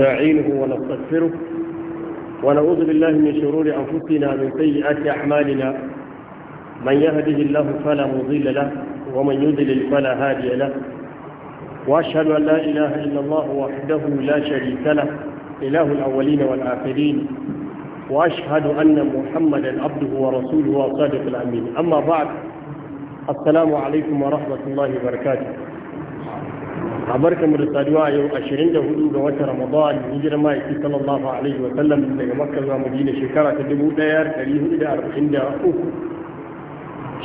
نستعينه ونستغفره ونعوذ بالله من شرور أنفسنا من سيئات أعمالنا من يهده الله فلا مضل له ومن يضلل فلا هادي له وأشهد أن لا إله إلا الله وحده لا شريك له إله الأولين والآخرين وأشهد أن محمدا عبده ورسوله وصادق الأمين أما بعد السلام عليكم ورحمة الله وبركاته a barka mu da saduwa yau 24 ga watan Ramadan hijirar ma'aiki sallallahu alaihi wa sallam daga Makka zuwa Madina shekara ta 1443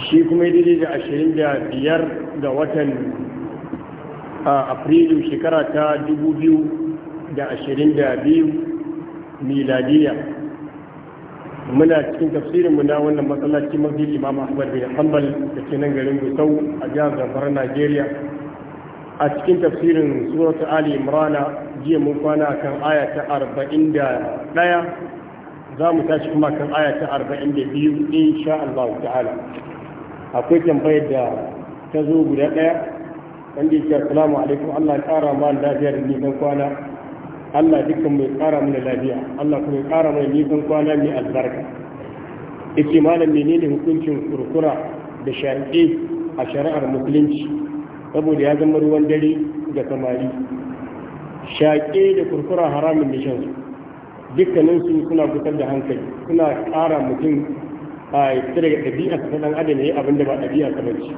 shi kuma daidai da 25 ga watan Afrilu shekara ta 2022 miladiya muna cikin tafsirin mu na wannan masallaci mafi Imam Ahmad bin Hanbal da ke nan garin Gusau a jihar Zamfara Najeriya a cikin tafsirin suratu ali imrana jiya mun kwana kan aya ta arba'in da ɗaya za mu tashi kuma kan aya ta arba'in da biyu insha Allah ta'ala akwai tambayar da ta zo guda ɗaya wanda yake assalamu alaikum Allah ƙara ma lafiya da nisan kwana Allah dukkan mai ƙara mana lafiya Allah kuma ya ƙara mana nisan kwana mai albarka yake malam menene hukuncin kurkura da shaƙe a shari'ar musulunci saboda ya zama ruwan dare da samari shaƙe da kurkura haramin da shansu dukkaninsu suna gusar da hankali suna ƙara mutum a fita daga ɗabi'a ta ɗan adam ya abin da ba ɗabi'a ta bace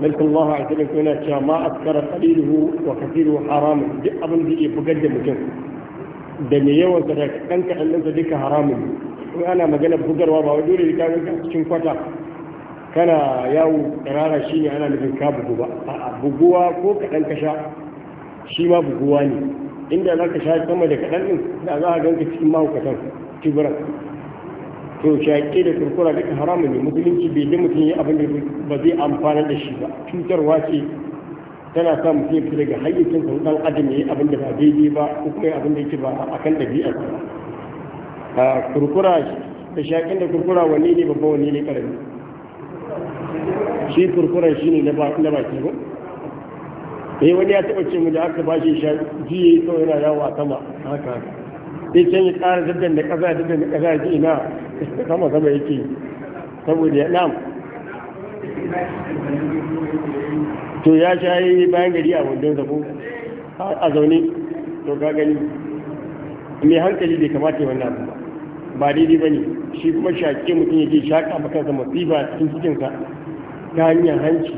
lalkan Allah a cikin suna cewa ma askara qaliluhu wa kathiruhu haramun duk abin da ya bugar da mutum da me yawan sa da ɗan kaɗan ɗinsa duka haramun in ana magana bugarwa ba wai dole ka ga cikin kwata kana yawo karara shi ne ana nufin ka bugu ba a buguwa ko kaɗan ka sha shi ma buguwa ne inda za ka sha sama da kaɗan ɗin da za a ganka cikin mahaukatan tibiran to shaƙe da kurkura duka haramun ne musulunci bai da mutum ya abin da ba zai amfana da shi ba cutarwa ce tana sa mutum ya fita daga hayyacin sa adam ya yi abin da ba daidai ba ko kuma ya abin da yake ba a kan ɗabi'ar ba kurkura da shaƙen da kurkura wanne ne babba wanne ne ƙarami shi kurkuren shi ne na baki ba eh wani ya taɓa ce mu da aka bashi sha jiye kawai yana yawo a sama haka sai can ya ƙara daddan da ƙasa daddan da ƙasa ji ina sama sama yake saboda ya nam to ya sha yi bayan gari a wandon zabo a zaune to ka gani mai hankali bai kamata wannan abu ba ba daidai ba ne shi kuma shaƙe mutum yake shaƙa maka zama masifa cikin cikinsa ta hanyar hanci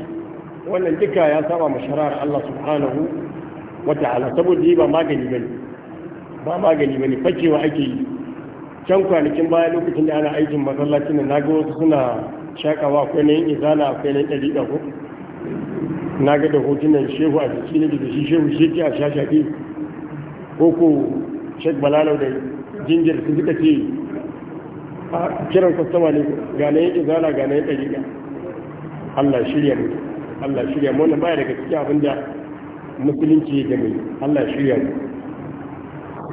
wannan duka ya saba ma shari'ar Allah subhanahu wa ta'ala saboda ba magani bane ba magani bane fakewa ake yi can kwanakin baya lokacin da ana aikin masallacin na ga wasu suna shakawa akwai na yin izala akwai na ɗari ɗago na ga da hotunan shehu a jiki na da shi shehu shi ke a shashafi ko ko shek balalau da jinjir su duka ce a ah, kiran kwastama ne ga na yin izala ga na yin ɗari ɗago Allah shirya mu Allah shirya mu wannan baya daga cikin abin da musulunci da mai Allah shirya mu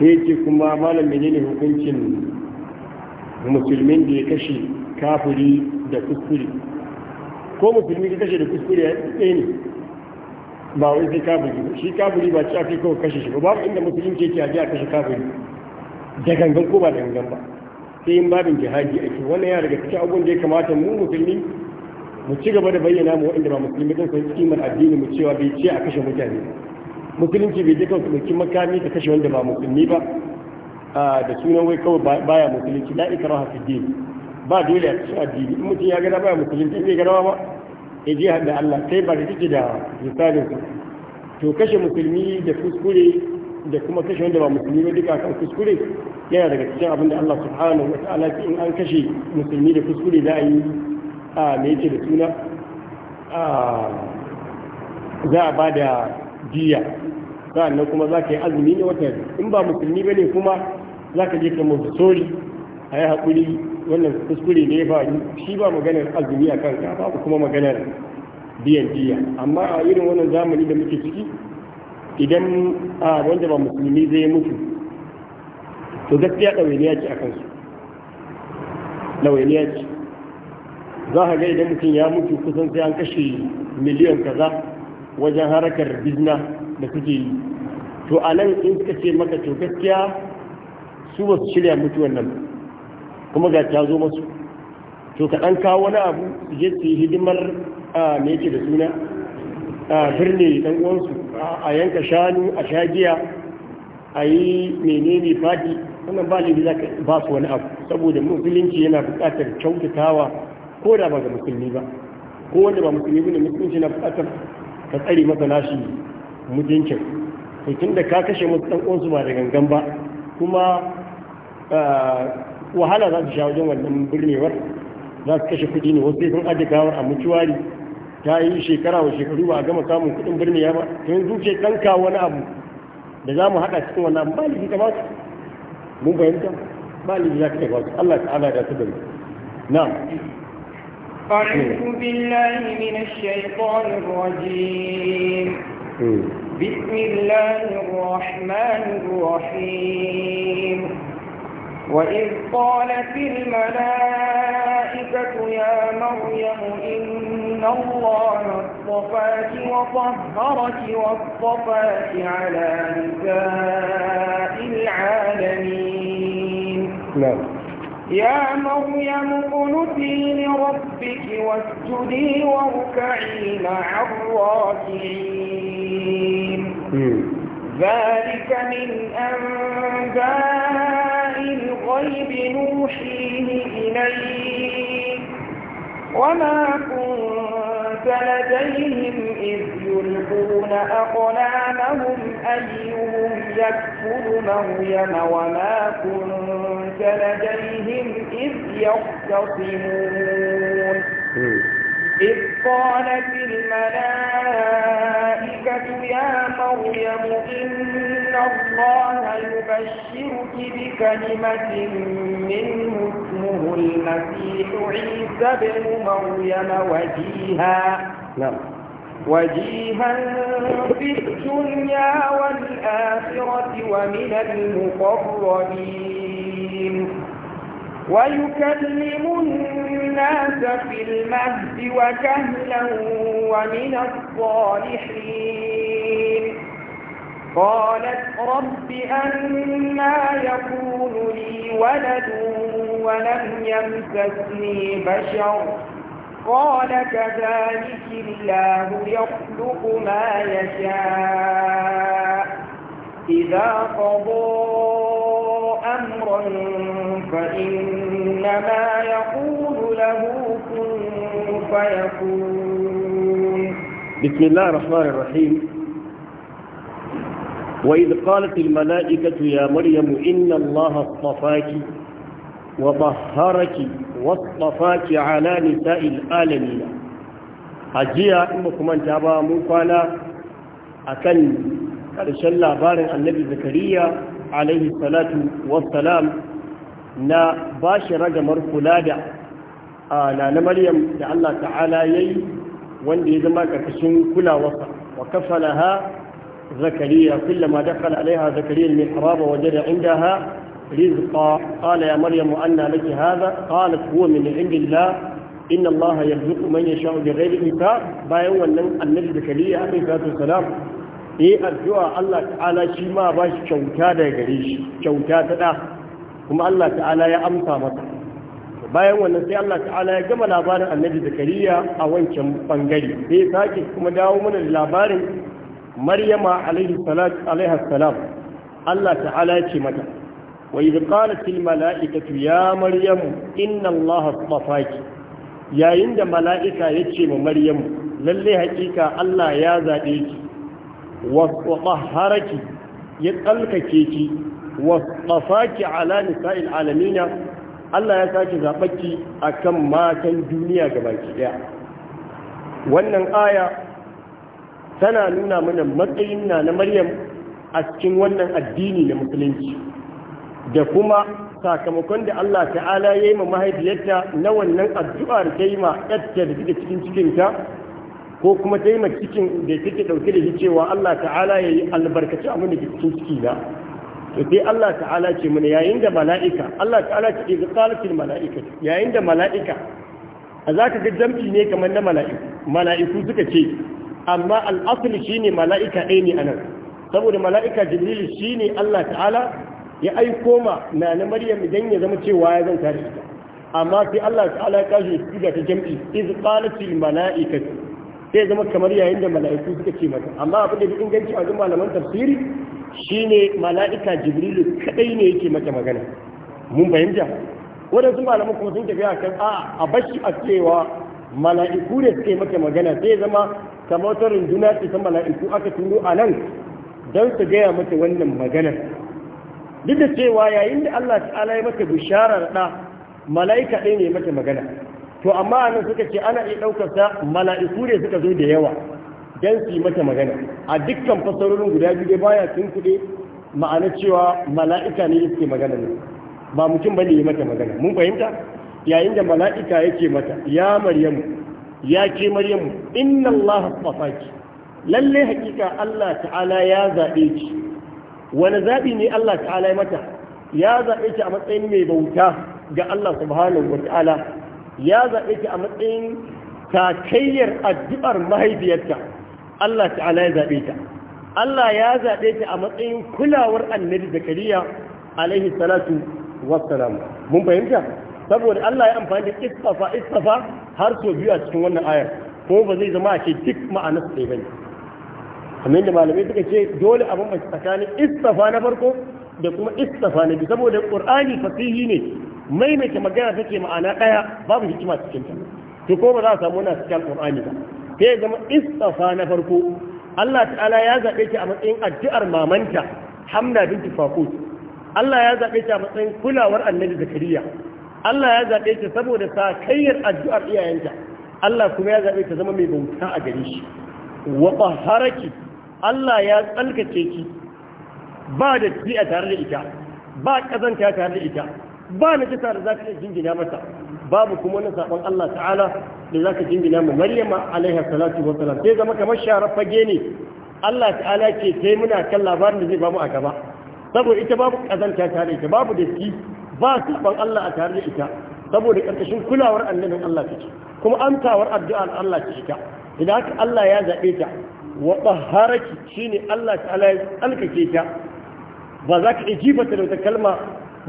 sai kuma malam menene hukuncin musulmin da ya kashe kafiri da kuskure ko musulmi ka kashe da kuskure ya tsaye ne ba wai sai kafiri ba shi kafiri ba ci afi kawai kashe shi ba babu inda musulunci yake aje a kashe kafiri da gangan ko ba da gangan ba sai in babin jihadi ake wannan ya daga cikin abubuwan da ya kamata mu musulmi mu ci gaba da bayyana mu waɗanda ba musulmi don san kimar addini mu cewa bai ce a kashe mutane musulunci bai je kawai ɗauki makami da kashe wanda ba musulmi ba da sunan wai kawai baya musulunci la ikraha fi din ba dole a kashe addini in mutum ya gana baya musulunci bai gana ba ya je da Allah kai ba da kike da misalin to kashe musulmi da kuskure da kuma kashe wanda ba musulmi ba duka kan kuskure yana daga cikin abin da Allah subhanahu wa ta'ala in an kashe musulmi da kuskure za a yi a me yake da suna za a ba da jiya sa'annan kuma za ka yi azumi ne wata in ba musulmi ba ne kuma za ka je ka musu sori a yi haƙuri wannan kuskure ne ba shi ba maganar azumi a kanka ba kuma maganar biyan jiya amma a irin wannan zamani da muke ciki idan a wanda ba musulmi zai mutu to gaskiya ɗawainiya ce a kansu ɗawainiya ce za a ga idan mutum ya mutu kusan sai an kashe miliyan kaza wajen harakar bizna da suke yi to a nan in suka ce maka to gaskiya su ba su shirya mutuwan nan kuma ga ta zo masu to ka ɗan kawo wani abu su je su yi hidimar a da suna a birni ɗan uwansu a yanka shanu a shagiya a yi menene fadi wannan ba ne ba su wani abu saboda musulunci yana buƙatar kyautatawa ko da ba ga musulmi ba ko wanda ba musulmi bane mutunci na bukatar ka tsari masa nashi mutuncin to tunda ka kashe musu dan uwansu ba da gangan ba kuma wahala za su sha wajen wannan birnewar za su kashe kuɗi ne wasu sun aje gawar a mutuwari ta yi shekara wa shekaru ba a gama samun kuɗin birniya ba to yanzu ce ɗanka wani abu da za mu haɗa cikin wannan abu ba liji ta ba su mun fahimta ba liji za ka ba su Allah ta'ala da su da na أعوذ بالله من الشيطان الرجيم بسم الله الرحمن الرحيم وإذ قالت الملائكة يا مريم إن الله اصطفاك وطهرك واصطفاك على نساء العالمين نعم يا مريم اقنتي لربك واسجدي واركعي مع الراكعين ذلك من أنباء الغيب نوحيه إليك وما كنت لديهم إذ يلقون أقلامهم أيهم يكفل مريم وما كنت لديهم إذ يختصمون إذ قالت الملائكة يا مريم إن الله يبشرك بكلمة منه اسمه المسيح عيسى بن مريم وجيها نعم وجيها في الدنيا والآخرة ومن المقربين ويكلم الناس في المهد وكهلا ومن الصالحين قالت رب أنا يكون لي ولد ولم يمسسني بشر قال كذلك الله يخلق ما يشاء إذا قضى أمرا فإنما يقول له كن فيكون بسم الله الرحمن الرحيم وإذ قالت الملائكة يا مريم إن الله اصطفاك وطهرك واصطفاك على نساء العالمين أجيها إمكم أن تابا مفالا أكن قال شلا بارن النبي زكريا alaihi salatu wassalam na ba shi ragamar kula da na maryam da Allah ta'ala yayi wanda ya zama ƙarƙashin kulawarsa wa kafala ha zakariya kullama dakhala alaiha zakariya al-mihrab wajada indaha رزقا قال يا مريم أن لك هذا قالت هو من عند الله إن الله يرزق من يشاء بغير حساب بايو أن النبي زكريا عليه الصلاة yi addu'a Allah ta'ala shi ma ba shi kyauta daga gare shi kyauta ta ɗa kuma Allah ta'ala ya amsa masa bayan wannan sai Allah ta'ala ya gama labarin annabi zakariya a wancan bangare sai ya sake kuma dawo mana da labarin maryama alaihi salam Allah ta'ala ya ce mata wa idh qalat mala'ika mala'ikatu ya maryamu inna Allah astafaki yayin da mala'ika ya ce ma maryamu lallai hakika Allah ya zaɓe ki وطهرك يتقلك كيكي وصفاك على نساء alamina, Allah ya sake zaɓaki a kan matan duniya baki ɗaya wannan aya tana nuna mana matsayin na maryam a cikin wannan addini na musulunci da kuma sakamakon da Allah ta'ala ya yi ma mahaifiyarta na wannan addu'ar ta yi ma ɗatta da cikin cikinta ko kuma ta ma cikin da take dauke da shi cewa Allah ta'ala ya yi albarkaci a muni cikin ciki na to sai Allah ta'ala ce mana yayin da mala'ika Allah ta'ala ce ga qalatil mala'ika yayin da mala'ika A zaka ga jamci ne kamar na mala'iku mala'iku suka ce amma al-asli shine mala'ika ɗaya ne anan saboda mala'ika jibril shine Allah ta'ala ya aiko ma na na maryam idan ya zama cewa ya zanta da amma sai Allah ta'ala ya kashi su da ta jam'i iz qalatil mala'ikatu sai zama kamar yayin da mala'iku suka ce mata amma abin da duk inganci a malaman tafsiri shine mala'ika jibrilu kadai ne yake mata magana mun fahimta wadansu malaman kuma sun tafi kan a a bashi a cewa mala'iku ne suke mata magana sai zama kamar juna runduna ta mala'iku aka turo a nan don su gaya mata wannan magana duk da cewa yayin da Allah ta'ala ya mata bisharar da mala'ika ɗaya ne mata magana to amma nan suka ce ana iya ɗaukar sa mala'iku ne suka zo da yawa don su yi mata magana a dukkan fasarorin guda biyu dai baya tun kuɗe ma'ana cewa mala'ika ne yake magana ne ba mutum bane yi mata magana mun fahimta yayin da mala'ika yake mata ya maryamu ya ke maryamu inna allaha astafaki lalle hakika Allah ta'ala ya zaɓe ki wani zaɓi ne Allah ta'ala ya mata ya zaɓe ki a matsayin mai bauta ga Allah subhanahu wa ta'ala ya zaɓe ki a matsayin takayyar addu'ar mahaifiyarta Allah ta'ala ya zaɓe ta Allah ya zaɓe ta a matsayin kulawar annabi da kariya, alaihi salatu wassalam mun fahimta saboda Allah ya amfani da istafa istafa har so biyu a cikin wannan ayar ko ba zai zama a ce duk ma'anar sai bane kamar yadda malamai suka ce dole a bambanta tsakanin istafa na farko da kuma istafa na biyu saboda Ƙur'ani fasihi ne maimaita magana take ma'ana ɗaya babu hikima cikin ta to ko ba za a samu na cikin alqur'ani ba sai zama istafa na farko Allah ta'ala ya zaɓe ki a matsayin addu'ar mamanta Hamna binti Fakut Allah ya zaɓe ki a matsayin kulawar Annabi Zakariya Allah ya zaɓe ki saboda sakayyar addu'ar iyayenta Allah kuma ya zaɓe ta zama mai bauta a gare shi wa taharaki Allah ya tsalkace ki ba da a tare da ita ba kazanta tare da ita ba na jisa da za ka iya jingina mata babu kuma wani saɓon Allah ta'ala da za ka jingina mu maryama alaiha salatu wa salam sai zama kamar sharar fage ne Allah ta'ala ke sai muna kan labarin da zai bamu a gaba saboda ita babu kazanta tare ita babu da shi ba saɓon Allah a tare da ita saboda ƙarƙashin kulawar annabin Allah take kuma amtawar addu'ar Allah ta ita idan haka Allah ya zaɓe ta wa baharaki shine Allah ta'ala ya alkake ta ba za ka iya jibata da wata kalma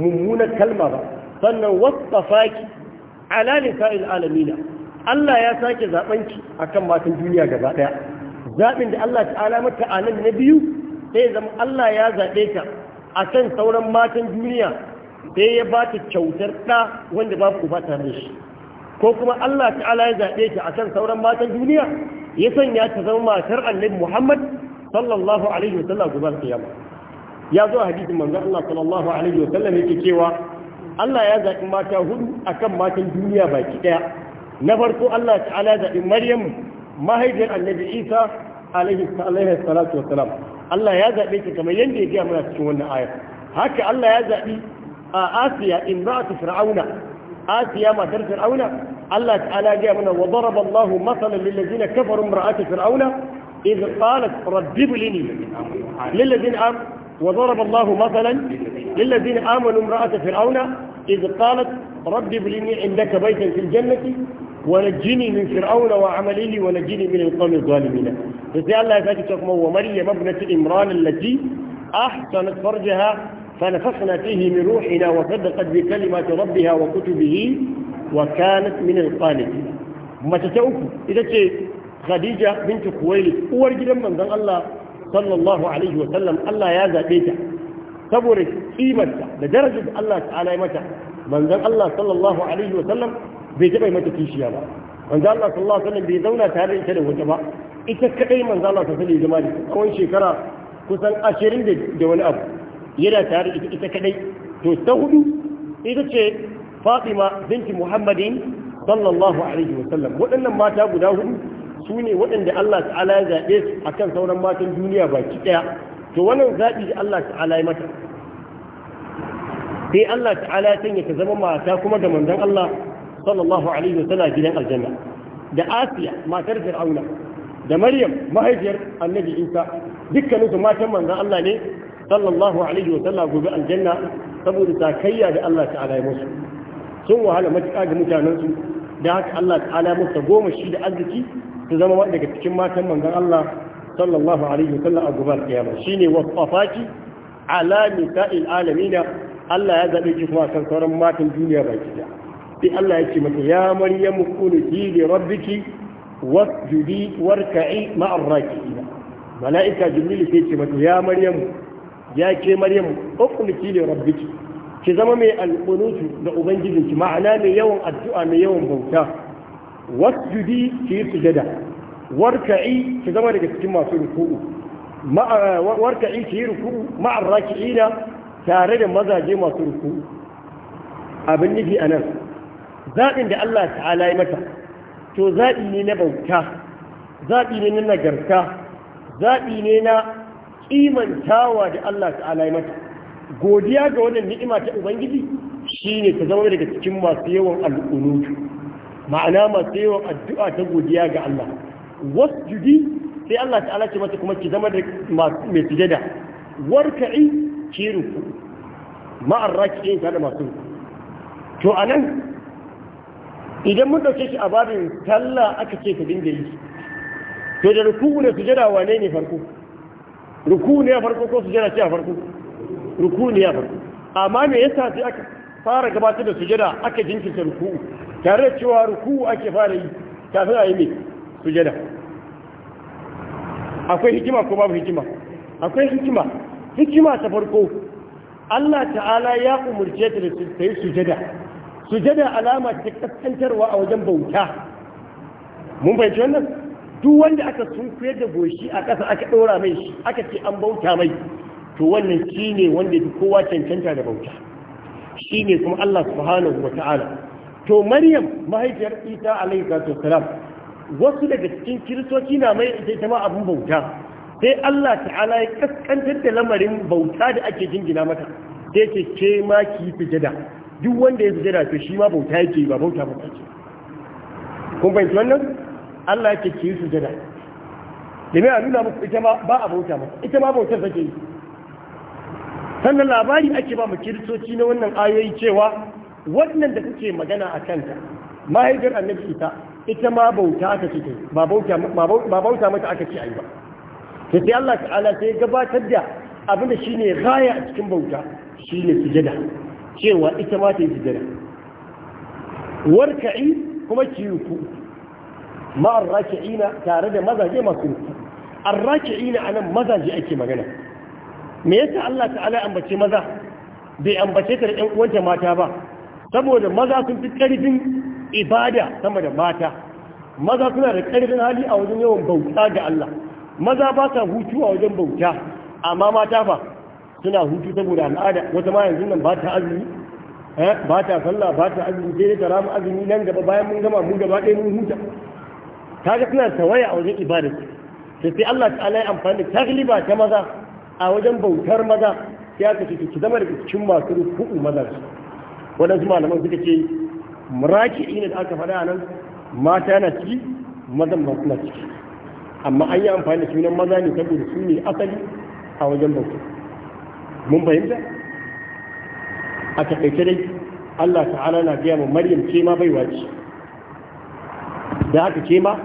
mummunar kalma ba sannan wasfafaki ala na alamina Allah ya sake zaben ki akan matan duniya gaba ɗaya. zaɓin da Allah ta'ala mata a nan na biyu sai zama Allah ya zaɓe ta akan sauran matan duniya sai ya ba ta kyautar ɗa wanda babu uba tare da shi ko kuma Allah ta'ala ya zaɓe ta akan sauran matan duniya ya sanya ta zama matar annabi Muhammad sallallahu alaihi wasallam gobe kiyama ya zo a hadisin manzon Allah sallallahu alaihi wa sallam yake cewa Allah ya zaɓi mata hudu akan matan duniya baki ɗaya. na farko Allah ta'ala ya zaɓi Maryam mahaifiyar Annabi Isa alaihi salatu wa salam Allah ya zaɓe ta kamar yadda ya gaya mana cikin wannan ayar haka Allah ya zaɓi a Asiya in ta fir'auna Asiya matar fir'auna Allah ta'ala ya gaya mana wa daraba Allahu masalan lil ladina kafaru imra'atu fir'auna إذ قالت رب ابلني للذين آمنوا وضرب الله مثلا للذين آمنوا امرأة فرعون إذ قالت رب ابني عندك بيتا في الجنة ونجني من فرعون وعمله ونجني من القوم الظالمين فسي الله يفاتكم ومريم ابنة إمران التي أحسنت فرجها فنفخنا فيه من روحنا وصدقت بكلمات ربها وكتبه وكانت من القانتين ما تتأكد إذا خديجة بنت خويلد أول جدا من ذن الله sallallahu alaihi wa sallam Allah ya zaɓe ta saboda kimarta da darajar Allah ta'ala ya mata manzon Allah sallallahu alaihi wa sallam bai taba mata kishiya ba manzon Allah sallallahu alaihi wa sallam bai zauna tare da ita da wata ba ita kadai manzon Allah sallallahu alaihi wa sallam tsawon shekara kusan ashirin da wani abu yana tare da ita kadai to ta hudu ita ce Fatima binti Muhammadin sallallahu alaihi wa sallam waɗannan mata guda hudu su ne waɗanda Allah ta'ala ya zaɓe su kan sauran matan duniya baki ɗaya to wannan zaɓi da Allah ta'ala ya mata sai Allah ta'ala ya sanya ta zama mata kuma da manzon Allah sallallahu alaihi wasallam gidan aljanna da Asiya matar Fir'auna da Maryam mahaifiyar Annabi Isa dukkanin su matan manzon Allah ne sallallahu alaihi sallam gobe aljanna saboda takayya da Allah ta'ala ya musu sun wahala matuƙa ga mutanensu da haka Allah ta'ala musu goma shi da arziki su zama wanda daga cikin matan manzon Allah sallallahu alaihi wasallam a gobar kiyama shine wasafaki ala nisa'il alamina Allah ya zabe ki kuma kan sauran matan duniya baki da sai Allah ya ce mata ya maryamu kunuti li rabbiki wasjudi warka'i ma'ar raki'ina mala'ika jibril sai ce mata ya maryamu ya ke maryamu ukunuti li rabbiki ki zama mai alqunutu da ubangijinki ma'ana mai yawan addu'a mai yawan bauta wasjudi ki yi sujada warka'i ki zama daga cikin masu ruku'u warka'i ki yi ruku'u ma'ar raki'ina tare da mazaje masu ruku'u abin nufi a nan zaɓin da Allah ta'ala ya mata to zaɓi ne na bauta zaɓi ne na nagarta zaɓi ne na kimantawa da Allah ta'ala ya mata godiya ga wannan ni'ima ta ubangiji shine ta zama daga cikin masu yawan al'unutu ma'ana masu yawan addu'a ta godiya ga Allah wasu judi sai Allah ta'ala alace mata kuma ki zama da mai sujada warka'i ki ruku ma'ar raki'in yin da masu to a nan, idan mun dauke shi a babin talla aka ce ka dinga yi to da ruku ne sujada wane ne farko ruku ne a farko ko sujada ce a farko ruku ne a farko amma me yasa sai aka fara gabatar da sujada aka jinkirta ruku'u tare da cewa ruku ake fara yi kafin a yi mai sujada akwai hikima ko babu hikima akwai hikima hikima ta farko Allah ta'ala ya umurce ta da ta yi sujada sujada alama ta kaskantarwa a wajen bauta mun fahimci wannan duk wanda aka sunkuyar da goshi a ƙasa aka ɗora mai shi aka ce an bauta mai to wannan shi ne wanda duk kowa cancanta da bauta shi ne kuma Allah subhanahu wa ta'ala to maryam mahaifiyar isa alaihi salatu wasalam wasu daga cikin kiristoci na mai ita ita ma abin bauta sai Allah ta'ala ya kaskantar da lamarin bauta da ake jingina mata sai ce ce ma ki sujada duk wanda ya sujada to shi ma bauta yake ba bauta ba ce kun fahimci wannan Allah yake ki sujada da mai nuna muku ita ma ba a bauta ba ita ma bautar take yi sannan labari ake ba mu kiristoci na wannan ayoyi cewa wannan da kuke magana a kanta mahaifiyar annabi ita ita ma bauta aka ce ba bauta mata aka ce ayi ba Ta sai Allah ta'ala sai gabatar da abin da shine raya a cikin bauta shine sujada cewa ita ma ta yi sujada warka'i kuma ki yi yuku ma arraki'ina tare da mazaje masu yuku arraki'ina anan mazaje ake magana me yasa Allah ta'ala ambace maza bai ambace ta da ƴan uwanta mata ba saboda maza sun fi ƙarfin ibada sama da mata maza suna da ƙarfin hali a wajen yawan bauta ga Allah maza ba sa hutu a wajen bauta amma mata fa suna hutu saboda al'ada wata ma yanzu nan ba ta azumi eh, ba ta sallah ba ta azumi sai dai ta rama azumi nan gaba bayan mun gama mun gaba ɗaya mun huta kaga suna tawaya a wajen ibada sai sai Allah ta ya amfani da tagliba ta maza a wajen bautar maza sai aka ce ki zama da cikin masu ruku'u maza su waɗansu malaman suka ce muraki ne da aka faɗa nan mata na ciki mazan ba suna ciki amma an yi amfani da sunan maza ne saboda su ne asali a wajen bauta mun fahimta a taƙaice dai Allah ta'ala na gaya ma Maryam ce ma baiwa ce da haka ce ma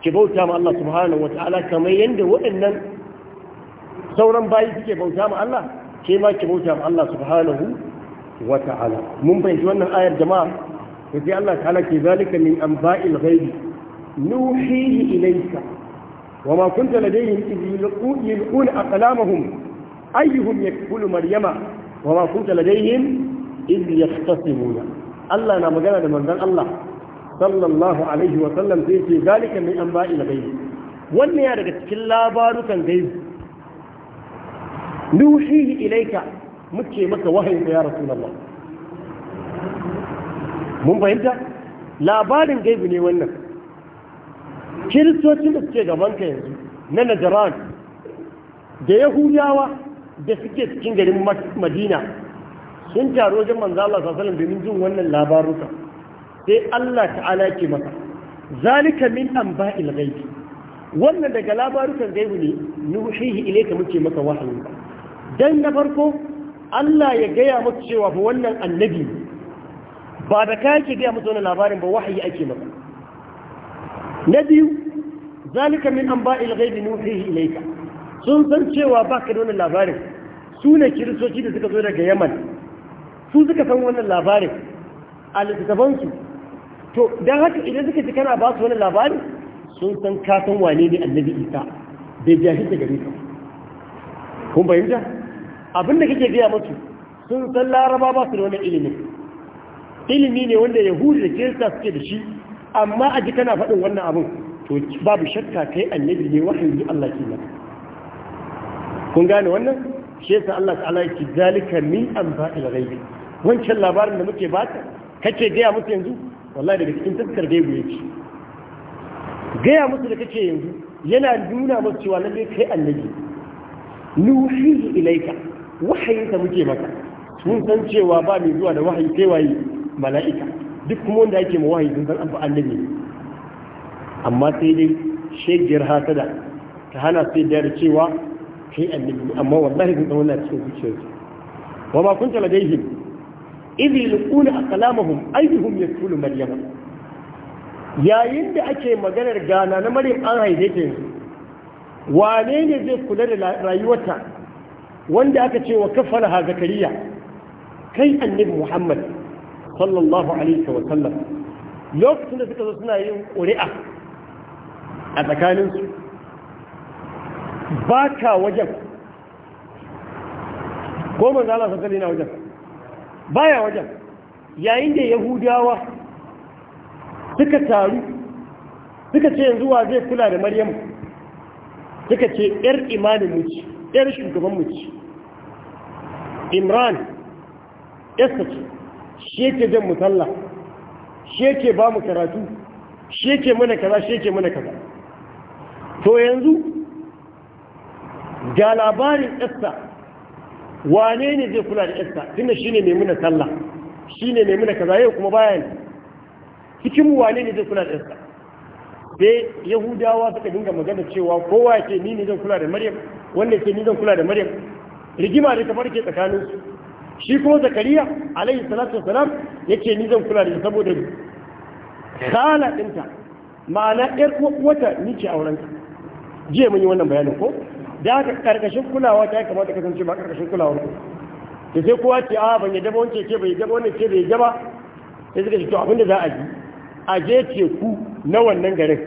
ki bauta ma Allah subhanahu wata'ala kamar yadda waɗannan sauran bayi suke bauta ma Allah ke ma ki bauta ma Allah subhanahu wa ta'ala mun fahimci wannan ayar jama'a to sai Allah ta'ala ke zalika min anba'il ghaibi nuhihi ilayka wa ma kunta ladayhim idh yulquna aqlamahum ayyuhum yakfulu maryama wa ma kunta ladayhim idh yahtasimuna Allah na magana da manzon Allah sallallahu alaihi wa sallam sai ce zalika min anba'il ghaibi wannan ya daga cikin labarukan gaibi nuhihi ilayka muke maka wahayin ya Allah. mun fahimta labarin gaibi ne wannan kiristocin da suke gabanka yanzu na najaran da yahudawa da suke cikin garin madina sun taru wajen manzo Allah sallallahu alaihi wasallam domin jin wannan labaruka sai Allah ta'ala ke maka zalika min anba'il ghaibi wannan daga labarukan gaibi ne nuhihi ilayka muke maka wahayi dan na farko Allah ya gaya maka cewa ba wannan annabi ba da ka yake gaya masa wannan labarin ba wahayi ake maka na biyu zalika min an anba'il ghaibi nuhihi ilayka sun san cewa baka da wannan labarin su ne kiristoci da suka zo daga Yaman su suka san wannan labarin a littattafansu to don haka idan suka ji kana ba su wannan labarin sun san katon wane ne annabi isa bai jahil da gare ka kun fahimta abinda kake gaya musu sun san laraba ba su da wani ilimin ilimi ne wanda yahudi da kirista suke da shi amma a ji kana faɗin wannan abin to babu shakka kai annabi ne wahayi Allah ke nan kun gane wannan shi yasa Allah ta'ala yake zalika min anba'il ghaibi wancan labarin da muke baka kake gaya musu yanzu wallahi daga cikin da gaibu yake gaya musu da kake yanzu yana nuna musu cewa lalle kai annabi nuhi ilaika wahayinsa muke maka sun san cewa ba mai zuwa da wahayi sai waye mala'ika duk kuma wanda yake ma wahayi sun san an annabi amma sai dai shegiyar hasada ta hana sai da cewa kai annabi amma wallahi sun san wannan cikin zuciyarsu wa ma kunta ladaihim idhi yulquna aqlamahum aydihum yaqulu maryama yayin da ake maganar gana na maryam an haife ta yanzu wane ne zai kula da rayuwarta wanda aka ce wa kafara ha zakariya kai annabi muhammad sallallahu alaihi wa sallam lokacin da suka zo suna yin ƙuri'a a tsakaninsu ba ka wajen goma za a sassari na wajen baya wajen yayin da yahudawa suka taru suka ce yanzu wa zai kula da Maryam, suka ce 'yar imanin muci 'yar shugaban muci imran yasta ce shi yake jan musalla shi yake ba mu karatu shi yake mana kaza shi yake mana kaza to yanzu ga labarin yasta wane ne zai kula da yasta tunda shi ne mai muna talla, shi ne mai muna kaza yau kuma bayan mu wane ne zai kula da yasta sai yahudawa suka dinga magana cewa kowa ya ce ni ne zan kula da maryam wanda ya ce ni zan kula da maryam rigima da kamar ke tsakaninsu shi kuma zakariya alaihi salatu wasalam yake ni zan kula da ita saboda kala dinta ma'ana yar wata ni ce auren ka jiya mun yi wannan bayanin ko da haka karkashin kulawa ta kamata kasance ba karkashin kulawa ko to sai kowa ce a ah, ban yadda ba wance ce bai yadda wannan ce bai gaba. sai suka ce to abinda za a ji a je teku na wannan garin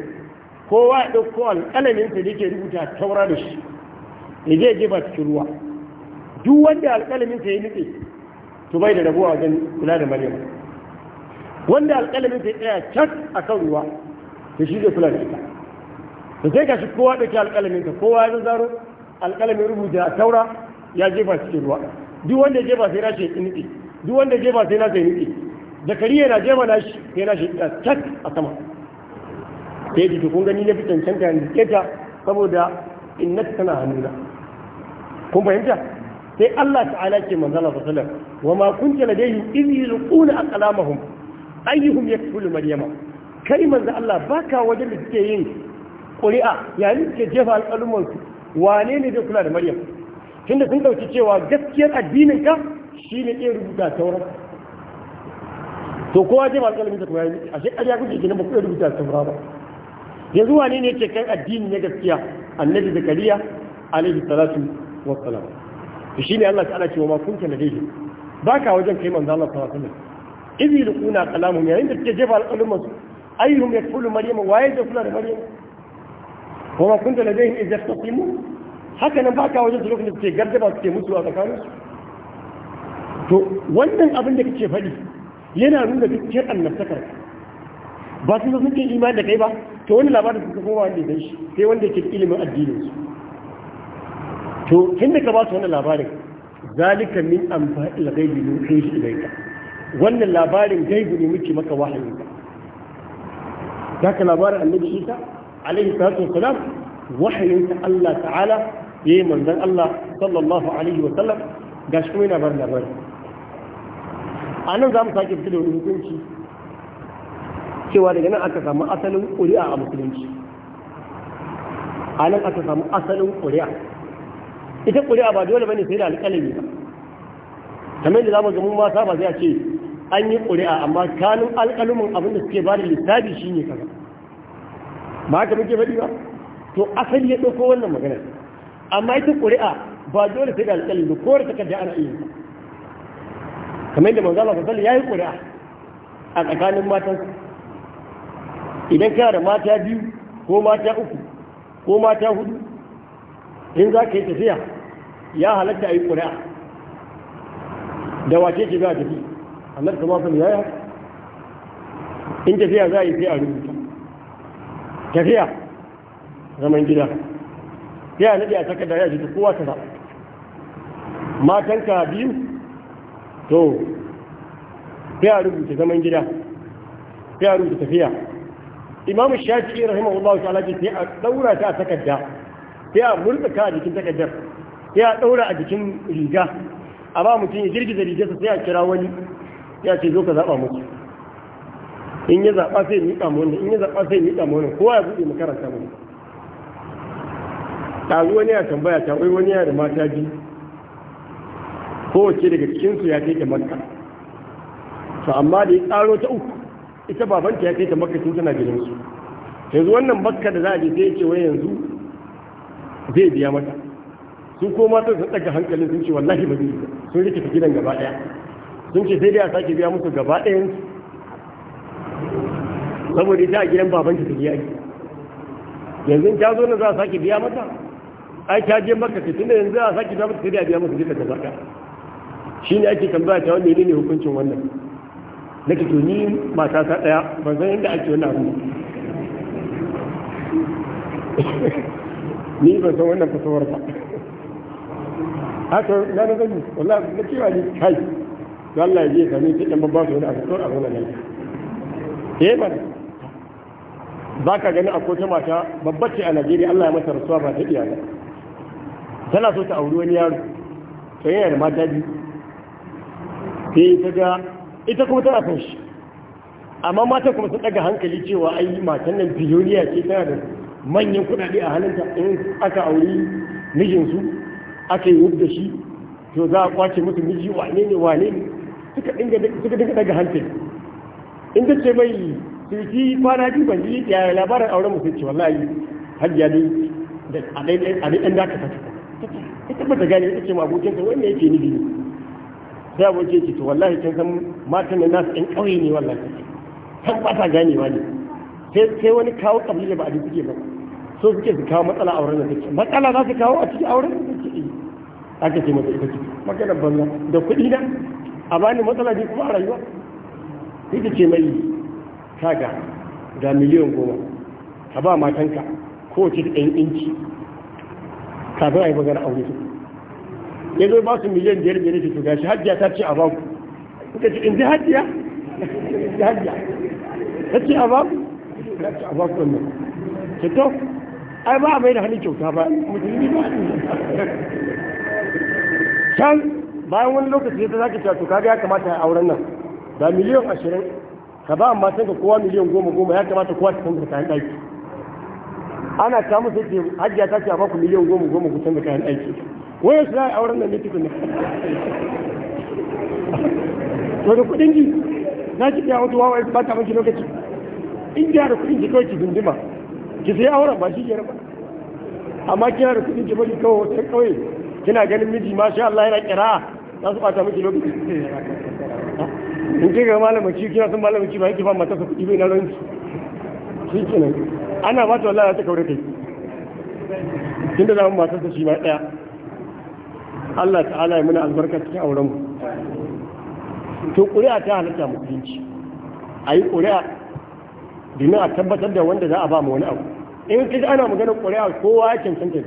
kowa ya ɗauko alƙalamin sa da yake rubuta taura da shi ya je ba cikin ruwa duk wanda alƙalamin ta ya nutse to bai da rabuwa wajen kula da maryam wanda alƙalamin ta ya tsaya cak a kan ruwa to shi zai kula da ita Da sai ka shi kowa da ke alƙalamin ta, kowa ya zaro alƙalamin rubuta taura ya jefa cikin ruwa duk wanda ya jefa sai rashi ya nutse duk wanda ya jefa sai na sai nutse zakari na jefa na shi sai na shi cak a sama sai jiki kun gani na fitan canta yanzu keta saboda in na tana hannuna kun fahimta sai Allah ta'ala ce manzon Allah sallallahu alaihi wasallam wa ma kunta ladayhim iz yulquna aqlamahum ayyuhum yakfulu maryama kai manzon Allah baka wajen da suke yin ƙuri'a yayin da jefa al'alumman su wane ne zai kula da maryam tunda sun dauki cewa gaskiyar addinin ka shine iya rubuta taurat to kowa jefa alƙalamin sa kuma yayi ashe ƙarya kuke kenan ba ku rubuta taurat ba yanzu wane ne yake kan addini ne gaskiya annabi zakariya alaihi salatu wassalam to ne Allah ta'ala ce wa ma kunta ladayhi baka wajen kai manzo Allah sallallahu alaihi wasallam idh yulquna kalamum yayin da kike jefa alqulum su ayyuhum yakfulu maryam wa yakfulu da maryam wa ma kunta ladayhim idh yastaqim haka nan baka wajen su lokacin da suke gardaba suke mutu a tsakanin su to wannan abin da kake faɗi yana nuna dukkan annabtakar ba su sun ke imani da kai ba to wani labarin suka koma wanda ya shi sai wanda ke ilimin addinin su to tun da ka ba su wannan labarin zalika min amfa'il ghaibi nuhi shi ilaika wannan labarin gaibu ne muke maka wahayin ka zaka labarin annabi Isa alaihi salatu wassalam wahayin ta Allah ta'ala yayi manzon Allah sallallahu alaihi wasallam gashi kuma yana bar labarin a nan za mu sake fito da wani hukunci cewa daga nan aka samu asalin ƙuri'a a musulunci a nan aka samu asalin ƙuri'a ita ƙuri'a ba dole bane sai da alƙalami ba kamar da zamu ga mun mata ba a ce an yi ƙuri'a amma kanun alƙalumin abin da suke ba da lissafi shine kaza ba haka muke faɗi ba to asali ya ɗauko wannan magana amma ita ƙuri'a ba dole sai da alƙalami ba ko da takarda ana iya kamar da manzo Allah ya yi ƙuri'a a tsakanin matan idan kana da mata biyu ko mata uku ko mata hudu in za ka yi tafiya ya halatta a yi ƙuri'a da wace ce za a tafi annar kuma sun ya yi in tafiya za a yi sai a rubuta tafiya zaman gida ya naɗi a saka da ya jiki kowa ta zaɓa ka biyu to sai a rubuta zaman gida sai a rubuta tafiya imamu shafi'i rahimahullahu ta'ala ce sai a ɗaura ta a takarda sai a ka a jikin takaddar, sai a ɗaura a jikin riga a ba mutum ya girgiza rigarsa sai a kira wani ya ce zo ka zaɓa musu in ya zaɓa sai miƙa mu in ya zaɓa sai miƙa mu kowa ya buɗe makaranta mu ɗazu wani ya tambaya ta wai wani yana da mata biyu kowace daga cikinsu ya kai ta makka to amma da ya tsaro ta uku ita babanta ya kai ta makka tun tana gidansu yanzu wannan makka da za a je sai ya ce wai yanzu zai biya mata su ko mata sun tsaka hankalin sun ce wallahi ba zai sun rikita gidan gaba daya sun ce sai dai a sake biya musu gaba daya saboda ita a gidan baban ta biya yanzu ta zo na za a sake biya mata ai ta je maka ce tunda yanzu za a sake biya mata sai dai a biya musu gidan gaba daya shi ne ake tambaya ta wani ne hukuncin wannan na to ni mata ta daya ban san yadda ake wannan abu ni ban san wannan fasawar ba haka na na zanyi wallahi na cewa ni kai da Allah ya je ka ni ta dan babba su wani a tsoro a wannan ne eh ba za ka gani akwai ta mata babba ce a Najeriya Allah ya masa rasuwa ba ta iya ba tana so ta auri wani yaro to yana da mata biyu sai ta ga ita kuma tana son shi amma mata kuma sun daga hankali cewa ai matan nan biliyoniya ce tana da manyan kuɗaɗe a halinta in aka auri mijinsu aka yi wub da shi to za a kwace mutum miji wane ne wane ne suka dinga daga hantar. in ta ce mai sirki kwana biyu ban ji ya labarin auren musu ce wallahi ya dai a ɗaiɗan da aka fata ta tabbata gane ta ce mabokinsa wanda yake ni biyu sai abokin ce to wallahi kin san matan nan nasu ɗan ƙauye ne wallahi kan ba ta ganewa ne sai wani kawo kabila ba a duk ba so suke su kawo matsala auren da take matsala za su kawo a cikin auren da take yi aka ce mata ita ce maganar banza da kuɗi na a bani matsala ne kuma a rayuwa ita ce mai kaga ga miliyan goma ka ba matanka ko da ɗayan inci kafin a yi magana aure su ya zo ba su miliyan biyar biyar da su gashi hajjiya ta ce a ba ku, ita ce in ji hajjiya ta ce a ba ku, ta ce a ku wannan ce to ai ba mai da hannun kyauta ba musulmi ba can bayan wani lokaci ta zaki cewa to kaga ya kamata a auren nan da miliyan ashirin ka ba amma san ka kowa miliyan goma goma ya kamata kowa ta canza kayan aiki ana ta musu ce hajjiya ta ce a baku miliyan goma goma ku canza kayan aiki wani su za a auren nan ne tukuna to da kuɗin ji Na ki biya wata wawa ba ta miki lokaci in da kuɗin ji kawai ki dunduma ki sai auren ba shi kenan ba amma kina da kudin ki bari kawo wata kawai kina ganin miji masha Allah yana kira za su bata miki lokaci in ki ga malamaci kina son malamaci ba yake ba mata su kudi bai na ranci shi kenan ana ba ta wallahi ta kaure kai kin da zaman matar ta shi ma daya Allah ta'ala ya muna albarka cikin auren mu to ƙuri'a ta halatta mutunci a yi ƙuri'a domin a tabbatar da wanda za a ba mu wani abu in kai ana maganar ƙuri'a kowa ya cancanta ne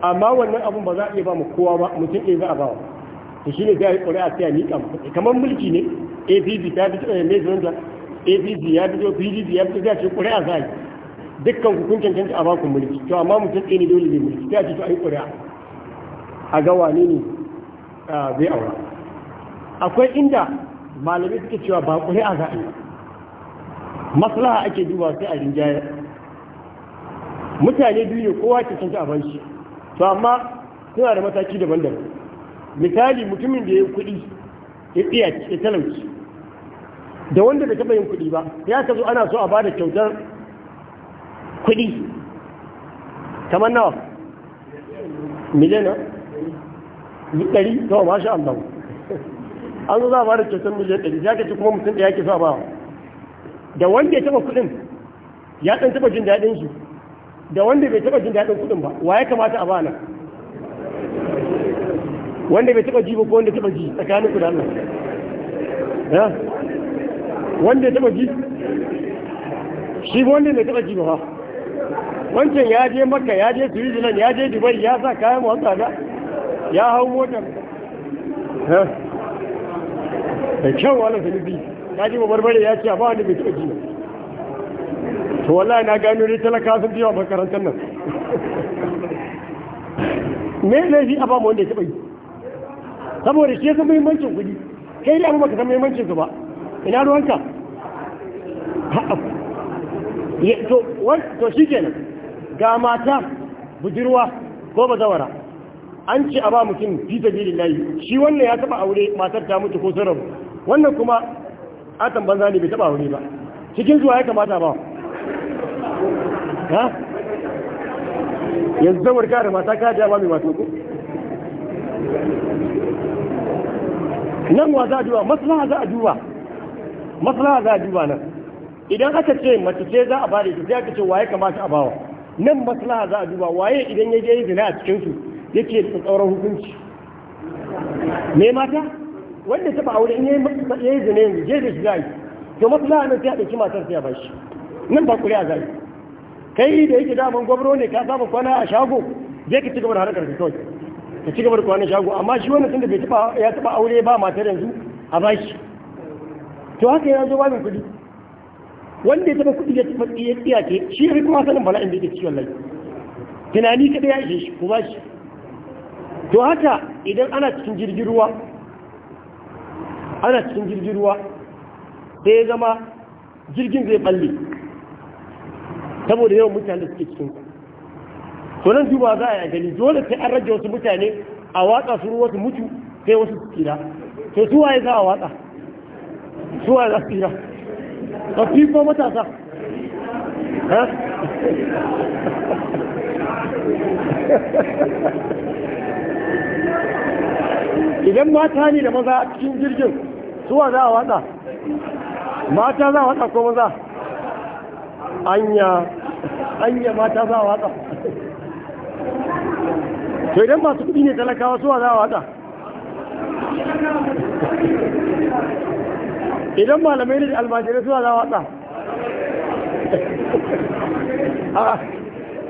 amma wannan abun ba za a iya ba mu kowa ba mutum ɗaya za a ba wa to shine za a yi ƙuri'a sai a miƙa mu kamar mulki ne apc ta fi tsaye mai da apc ya zo pdp ya fi za ce ƙuri'a za a yi dukkan ku kun cancanta a ba ku mulki to amma mutum ɗaya ne dole ne mulki sai a ce to a yi ƙuri'a a ga wane ne ah, zai aura akwai inda malamai suke cewa ba ƙuri'a za a yi maslaha ake duba sai a rinjayar mutane biyu ne kowa ke ta a shi to amma suna da mataki daban-daban misali mutumin da ya yi kuɗi ya tsiya ya talauci da wanda bai taɓa yin kuɗi ba ya ka zo ana so a ba da kyautar kuɗi kamar nawa miliyana ɗari kawai masha Allah an zo za a ba da kyautar miliyan ɗari ya ka ci kuma mutum da ya ke so a ba da wanda ya taba kudin ya dan taba jin dadin su da wanda bai taba jin dadin kudin ba wa ya kamata a ba na? wanda bai taba ji ba ko wanda taba ji tsakanin ku da Allah ya wanda ya taba ji shi wanda bai taba ji ba wancan ya je makka ya je switzerland ya je dubai ya sa kayan wasa da ya hau motar da kyau wala filibi na ji barbare ya ce a wani mai kyau to wallahi na gano ne talaka sun biya makarantar nan me laifi a ba mu wanda ya taɓa yi saboda shi sun muhimmancin kuɗi kai ne abu baka san muhimmancin su ba ina ruwanka to shi kenan ga mata budurwa ko bazawara an ce a ba mutum fi sabilillahi shi wannan ya taba aure matar ta mutu ko sun rabu wannan kuma atan banza ne bai taba wuri ba cikin zuwa ya kamata ba ha yanzu zamar kare da mata ka ba mai masu ku nan wa za a duba maslaha za a duba maslaha za a duba nan idan aka ce mace ce za a ba da ita sai aka ce waye kamata a bawa nan maslaha za a duba waye idan ya je zina a cikinsu ya yake da tsauran hukunci me mata wanda taba aure in yayi zina yanzu je da shi zai to maslaha nan sai a ɗauki matar ta a bashi nan ba a zai kai da yake daman gwamro ne ka saba kwana a shago je ka cigaba da harkar ka kawai ka cigaba da kwana shago amma shi wannan tunda bai taba ya taba aure ba matar yanzu a bashi to haka ya zo babin kudi wanda ya taba kudi ya taba tsiya ke shi ya kuma sanin bala'in da yake ciwon lai tunani kada ya ishe shi ku bashi to haka idan ana cikin jirgin ruwa ana cikin jirgin ruwa sai ya zama jirgin zai balle saboda yawan mutane suke cikin to nan duba za a yi gani dole sai an rage wasu mutane a watsa su ruwa su mutu sai wasu su tsira to su waye za a watsa su ya za su tsira ba fi ko matasa idan mata ne da maza cikin jirgin suwa za a watsa mata za a watsa ko maza anya anya mata za a watsa to idan masu kudi ne talakawa suwa za a watsa idan malamai ne da almajirai suwa za a watsa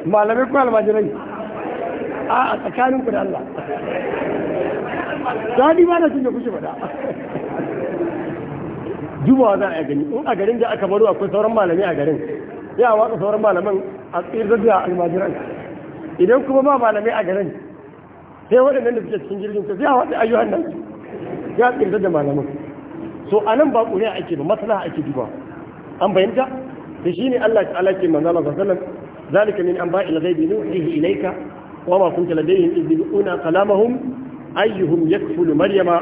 malamai ko almajirai a tsakaninku da Allah Sadi ba na cin da kushe bada dubawa za a gani in a garin da aka baro akwai sauran malami a garin ya watsa sauran malaman a tsirar da almajiran idan kuma ba malamai a garin sai waɗannan da suke cikin jirgin sai a watsa ayyuhan nan ya tsirar da malaman so a nan ba ƙuri'a ake ba maslaha ake duba an fahimta da shi ne Allah ta'ala ke manzo Allah sallallahu zalika min anba'il ghaibi nuhihi ilayka wa ma kunta ladayhim idh yu'una kalamahum ayyuhum yakfulu maryama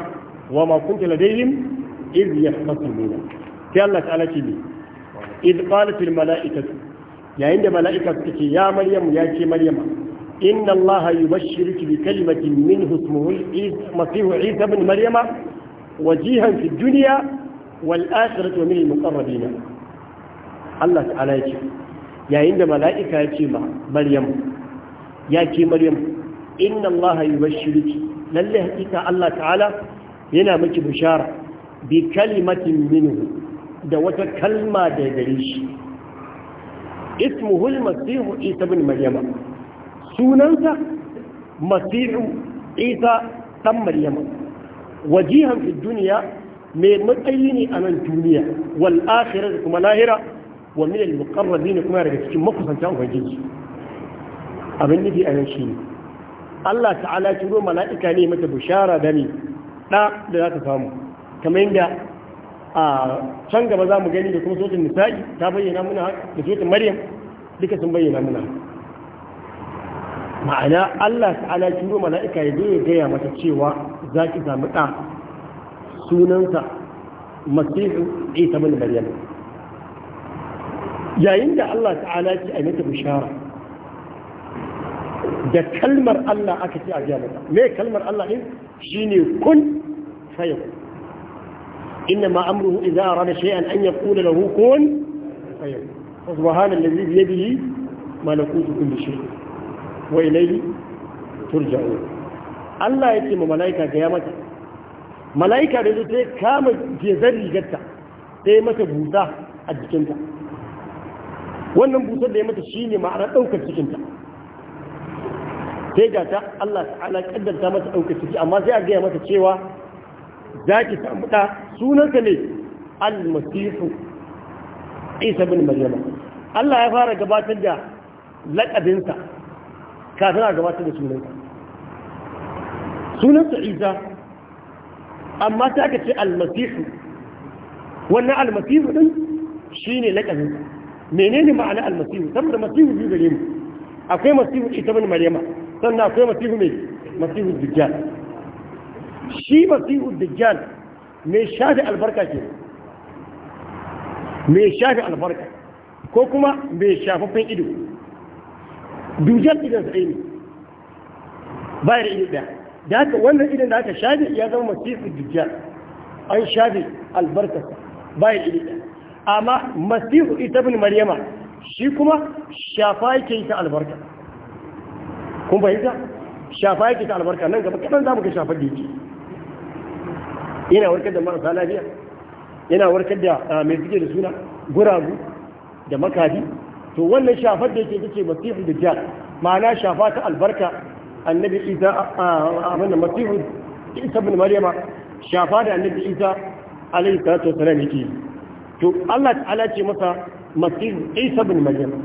wa ma kunta ladayhim iz yahtasimuna sai Allah ta'ala ce ne iz qalat mala'ikatu yayin da mala'ika suka ce ya maryamu ya ce maryama inna Allah yubashshiruki bi kalimatin minhu ismuhu masihu isa ibn maryama wajihan fi dunya wal akhirati wa min al muqarrabin Allah ta'ala ya ce yayin da mala'ika ya ce ma maryamu ya Allah ta'ala yana miki bishara bi kalimatin minhu da wata kalma da gare shi ismuhul masihu isa bin maryama sunansa masihu isa dan maryama wajihan fi duniya mai matsayi ne a nan duniya wal akhirah da kuma lahira wa min al muqarrabin kuma daga cikin makusantan ubangiji abin nufi a nan shine Allah ta'ala ciro mala'ika ne mata bishara da ɗa da da za ta samu kamar yadda a can gaba za mu gani da kuma sojin nisa'i ta bayyana muna da sojin maryam duka sun bayyana muna ma'ana allah ta'ala kiro mala'ika ya zai gaya mata cewa za ki sami ɗa sunansa masihu isa bin maryam yayin da allah ta'ala ki a mata bishara da kalmar allah aka ce a gaya mata me kalmar allah ɗin shine kun fayakun إنما أمره إذا أراد شيئا أن يقول له كن فسبحان الذي بيده ملكوت كل شيء وإليه ترجعون Allah ya ce mala'ika ga mata, mala'ika da zai kama jezar rigarta busa a wannan busar da ya mata shi ne ɗaukar cikinta. Sai ga ta Allah ta'ala ta mata ɗaukar ciki, amma sai a gaya mata cewa za ki samu ɗa sunanka ne almasifu isa bin maryama Allah ya fara gabatar da laƙabinsa kafin a gabatar da sunanka. sunansa isa amma ta aka ce almasihu wannan almasifu ɗin shi ne laƙabinsa menene ma'ana almasifu saboda masihu biyu gare mu akwai masihu isa bin maryama sannan akwai masifu mai masihu dujjal shi masihu dajjal mai shafi albarka ke mai shafi albarka ko kuma mai shafaffen ido dujjal idan sai ne bayar ido da da haka wannan idan da aka shafi ya zama masihu dajjal an shafi albarkarsa bayar ido da amma masihu ita bin maryama shi kuma shafa yake ta albarka kun fahimta shafa yake ta albarka nan gaba kaɗan za mu ga shafa da yake yana warkar da marasa lafiya yana warkar da ah, mai suke da suna guragu da makafi to wannan shafar da yake kace da dajjal ma'ana shafa ta albarka annabi isa ah, ah, abin da masihu isa bin maryama shafa da annabi isa alaihi salatu wasalam yake to Allah ta'ala ce masa masihu isa bin maryama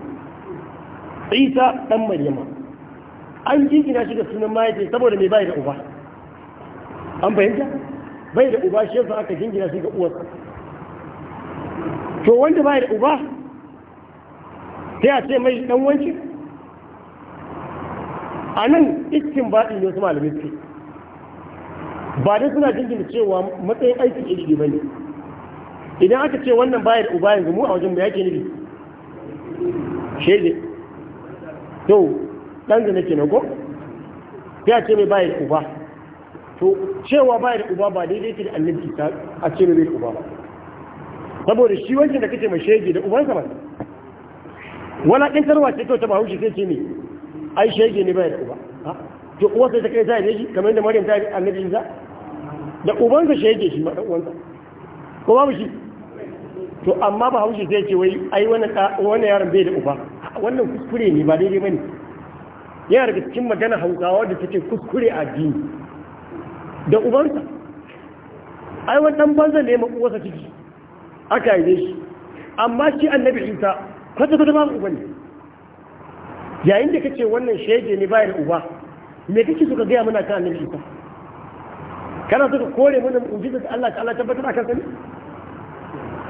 isa dan maryama an jingina shi da sunan mahaifi saboda mai bayar da uba an fahimta bai da uba shi yasa aka jingina shi ga uwarsa to wanda bai da uba sai a ce mai dan wanci a nan iskin baɗi ne wasu malamai suke ba dai suna jingina cewa matsayin aiki iri ba ne idan aka ce wannan bayar uba yanzu mu a wajen mai yake nufi shede to ɗan zane ke na ko sai a ce mai bayar uba to cewa bai da uba ba daidai ke da annabi isa a ce bai da uba ba saboda shi wancan da kace mai shege da ubansa ba wala din karwa ce kawai ta bahaushe sai ce ne ai shege ne bai da uba to uwa sai ta kai ta yi kamar yadda maryam ta yi annabi isa da ubansa shege shi ma dan uwansa ko babu shi to amma ba haushi zai ce wai ai wannan yaron bai da uba wannan kuskure ne ba daidai bane yana daga cikin magana hausawa da take kuskure a addini da ubansa ai wani dan banza ne makuwarsa ciki aka yi shi amma shi annabi isa kwata-kwata ba uba ne yayin da kace wannan shege ne bayan uba me kake suka gaya mana kan annabi isa kana suka kore mana mu'jiza da Allah Allah tabbatar akan sani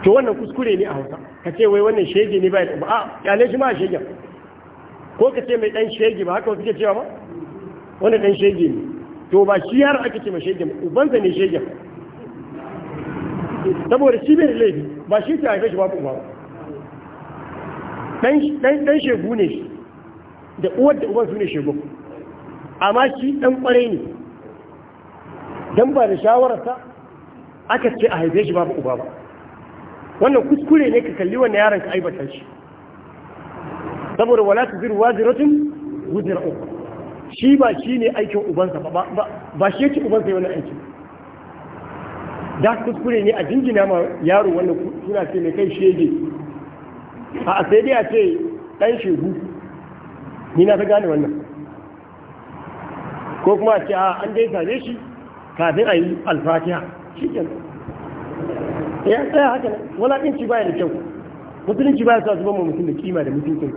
to wannan kuskure ne a Hausa kace wai wannan shege ne bayan uba a kyale shi ma shege ko kace mai dan shege ba haka wasu ke cewa ba wannan dan shege ne to ba shi yaro ake ce ma shegen uban ne shegen saboda shi bai laifi ba shi ta haife shi ba kuma dan shegu ne shi da uwar da uban su ne shegu amma shi dan kwarai ne dan ba da shawararsa aka ce a haife shi babu uba ba wannan kuskure ne ka kalli wani yaron ka aibata shi saboda wala tuziru waziratun wuzira uku shi ba shi ne aikin ubansa ba ba shi yake ubansa yi wani aiki da kuskure ne a jingina ma yaro wannan suna ce mai kai shege a sai dai a ce ɗan shegu ni na ta gane wannan ko kuma ce a an dai same shi kafin a yi alfatiha shi ke ya tsaya haka nan wulaƙinci baya da kyau musulunci baya sa zuban mu mutum da kima da mutuncin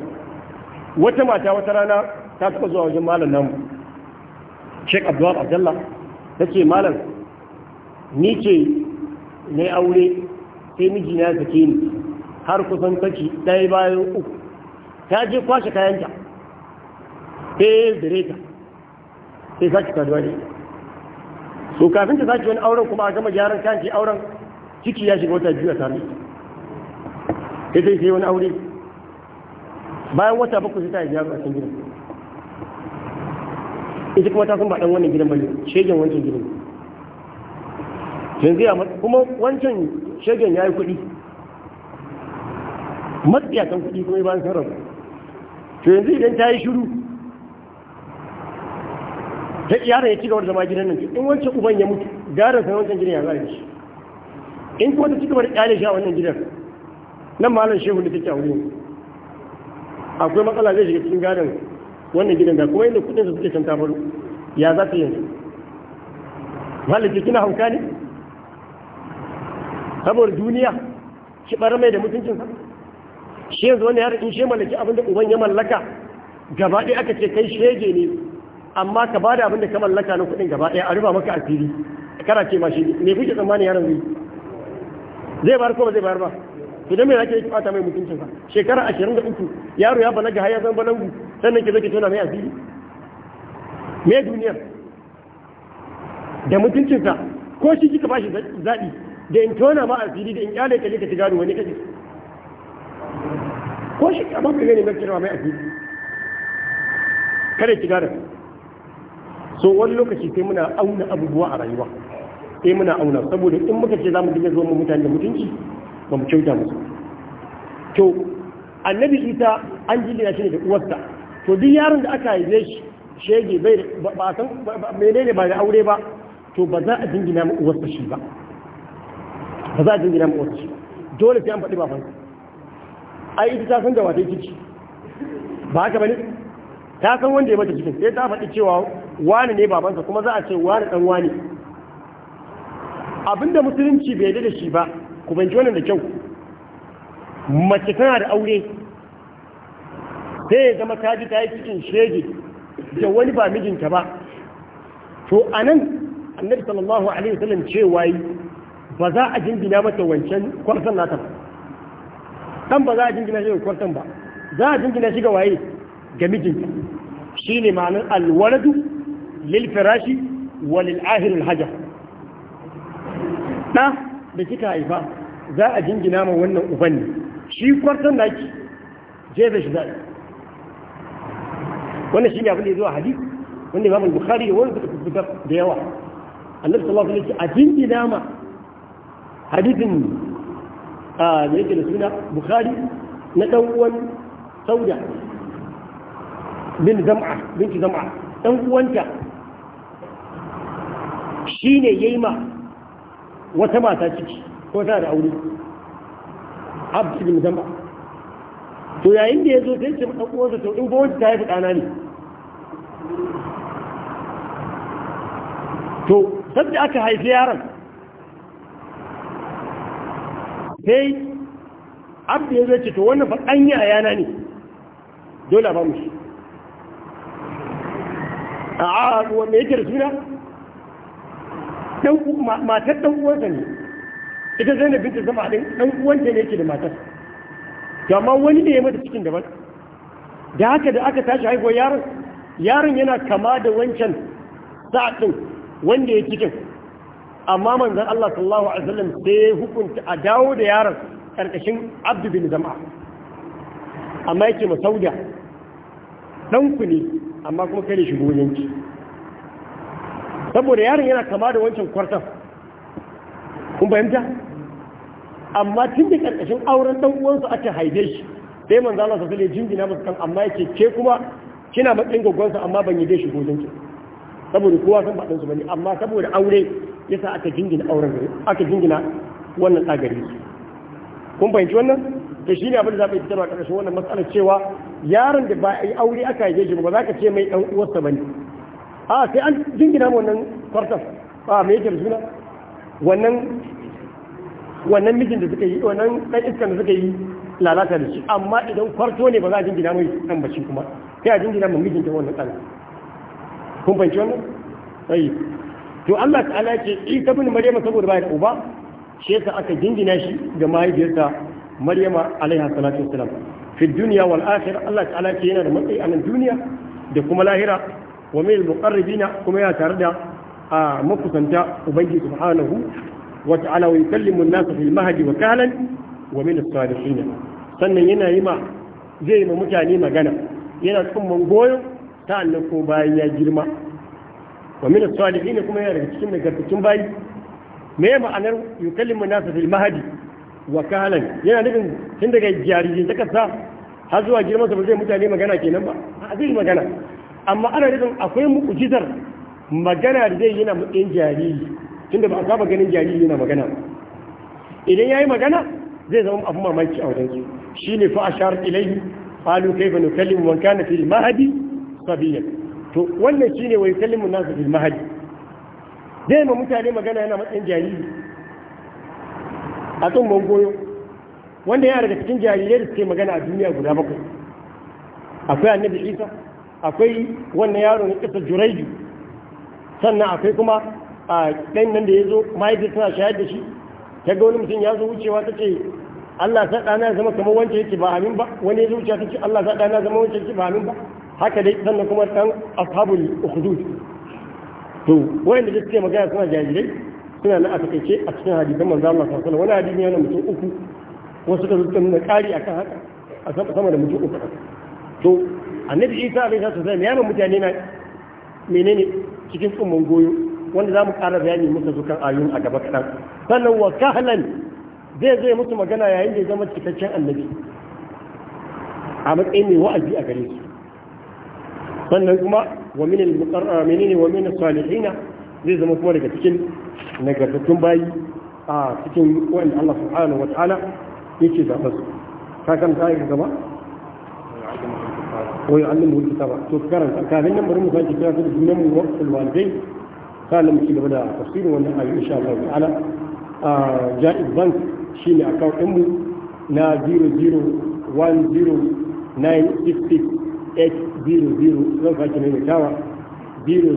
wata mata wata rana ta taɓa zuwa wajen malam namu sheik abdullahi abdalla ta ce malam ni ce na aure sai miji na zake ni har kusan kaci ɗaya bayan uku ta je kwashe kayanta yi zire ta sai sake kaduwa ne so kafin ta sake wani auren kuma a gama gyaran kayan ke auren ciki ya shiga wata biyu a sami sai sai sai wani aure bayan wata bakwai sai ta yi gyara a cikin gidan ita kuma ta san ba dan wannan gidan bane shegen wancan gidan yanzu ya kuma wancan shegen yayi kuɗi matsiyatan kuɗi kuma ba san rabu to yanzu idan ta yi shiru ta yaron ya ci gaba da zama gidan nan in wancan uban ya mutu gara sai wancan gidan ya zai shi in kuma ta ci gaba da kyale shi a wannan gidan nan malam shehu da take a wurin akwai matsala zai shiga cikin gadon wannan gidan ga kuma inda kudin su suke can tafaru ya za ta yanzu malaki kina hauka ne saboda duniya shi bar mai da mutuncinsa shi yanzu wani yaron in shi mallaki abinda uban ya mallaka gaba ɗaya aka ce kai shege ne amma ka ba da abinda ka mallaka na kuɗin gaba ɗaya a ruba maka a fili kara ce ma shi ne kuke tsammani yaran zai zai bayar ko ba zai bayar ba to dan me yake fata mai mutuncinsa shekara 23 yaro ya balaga har ya zama balangu sannan ki zo tona mai asiri me duniyar da mutuncinsa ko shi kika bashi zaɓi da in tona ma asiri da in kyale ka je ka shiga wani kashi ko shi amma ka gani mai kira mai asiri kada ki gado so wani lokaci sai muna auna abubuwa a rayuwa sai muna auna saboda in muka ce za mu dinga zuwa mutane da mutunci ba mu kyauta musu to annabi isa an jingina shi ne da uwarsa to duk yaron da aka haife shi shege bai ba san menene ba da aure ba to ba za a jingina mu uwar shi ba ba za a jingina mu uwar shi dole sai an faɗi ba fansa ai ita ta san da wata kici ba haka bane ta san wanda ya mata cikin sai ta faɗi cewa wani ne babansa kuma za a ce wani dan wani abinda musulunci bai da shi ba ku banci wannan da kyau mace tana da aure sai ya zama ta ji ta yi cikin shege da wani ba mijinta ba to a nan annabi sallallahu alaihi wasallam cewa yi ba za a jingina mata wancan kwartan nata ba dan ba za a jingina shi ga kwartan ba za a jingina shi ga waye ga mijinta shine ma'anar alwaladu lil firashi wa lil ahir al hajar da da kika haifa za a jingina ma wannan uban ne shi kwartan naki jefe shi zai wannan shine abin da ya zo a hadisi wanda Imam Bukhari wani suka fitar da yawa Annabi sallallahu alaihi wasallam a jinki dama hadisin a da yake da suna Bukhari na dan uwan Sauda bin Zam'a binti Zam'a dan uwanta shine yayi ma wata mata ciki ko ta da aure Abd bin Zam'a to yayin da ya zo sai ce ɗan uwansa to in gwamnati ta haifi ɗana ne to sabda aka haifi yaron sai abu ya zai ce to wannan ba ɗan yayana ne dole ba mu shi a a wanda yake da suna matar ɗan uwansa ne ita zai na binta zama ɗin ɗan uwanta ne yake da matar amma wani ne ya mata cikin daban da haka da aka tashi haihuwa yaron yaron yana kama da wancan sa'adin wanda ya cikin amma manzan Allah sallallahu alaihi wasallam sai hukunta a dawo da yaron ƙarƙashin Abdu bin Zama amma yake masauda dan ne amma kuma kai ne shigo yanki saboda yaron yana kama da wancan kwartar, kun fahimta amma tun da karkashin auren dan uwansu aka haife shi sai manzo Allah sallallahu alaihi jingina musu kan amma yake ke kuma kina matsayin gaggonsa amma ban yi shi gojin ki saboda kowa san ba su bane amma saboda aure yasa aka jingina auren gare aka jingina wannan tsagari kun fahimci wannan to shine abin da za ka yi ta karkashin wannan matsalar cewa yaron da ba a yi aure aka haife shi ba za ka ce mai dan uwarsa bane a sai an jingina wannan kwartas a me yake da suna wannan wannan mijin da suka yi wannan dan iskan da suka yi lalata da shi amma idan kwarto ne ba za a jingina mai dan bashi kuma sai a jingina mai mijin da wannan dan kun fahimci wannan sai to Allah ta'ala ce Isa bin Maryama saboda bai da uba shi yasa aka jingina shi ga mahaifiyarsa Maryama alaiha salatu wassalam fi dunya wal akhir Allah ta'ala ce yana da matsayi a nan duniya da kuma lahira wa mai al-muqarribina kuma ya tare da a makusanta ubangiji subhanahu Wata'ala وتعالى ويكلم الناس في المهد وكهلا ومن الصالحين sannan yana yi ma zai yi ma mutane magana yana cikin mangoyon ta annan ko bayan ya girma wa min as-salihin kuma yana daga cikin nagartattun bayi me ma'anar yukallimu nasu fil mahadi wa kahalan yana nufin tun daga jaririn ta kasa har zuwa girman sa ba zai mutane magana kenan ba a zai magana amma ana nufin akwai mu'jizar magana da zai yi na mutsin jariri tunda ba a saba ganin jariri yana magana idan yayi magana zai zama abu mamaki a wajen su shine fa ashar ilayhi qalu kayfa nukallimu man kana fil mahdi sabiyan to wannan shine wai kallimu nasu fil mahdi zai ma mutane magana yana matsayin jariri a tsumban goyo wanda yana daga cikin jarirai da suke magana a duniya guda bakwai akwai annabi isa akwai wannan yaro na kisa juraiju sannan akwai kuma a ɗan nan da ya zo mahaifiyar tana shayar da shi ta ga wani mutum ya zo wucewa ta ce Allah sa ɗana zama kamar wancan yake ba amin ba wani ya zo wucewa ta ce Allah sa ɗana zama wancan yake ba amin ba haka dai sannan kuma ɗan ashabul ukhdud to wanda da suke magana suna jajirai suna na a takaice a cikin hadisan manzo Allah sallallahu alaihi wasallam wani hadisi na mutum uku wasu da suka nuna ƙari akan haka a sama da mutum uku to annabi Isa alaihi salatu wasallam ya mutane na menene cikin tsumman goyo wanda za mu ƙara bayani musu zukan ayun a gaba kaɗan sannan wa kahlan zai zai musu magana yayin da ya zama cikakken annabi a matsayin mai wa'azi a gare su sannan kuma wa min al-muqarrabin wa min as-salihin zai zama kuma daga cikin nagartattun bayi a cikin wanda Allah subhanahu wa ta'ala yake zaɓa su ka kan ta yi gaba wa yu'allimu al-kitaba to karanta kafin nan bari mu sake kira da sunan mu waqtul walidain kana muke ci gaba da tafsirin wannan ayu insha Allah ta'ala a Jaiz Bank shine account din mu na 00109568000 zan sake ne tawa 00109568000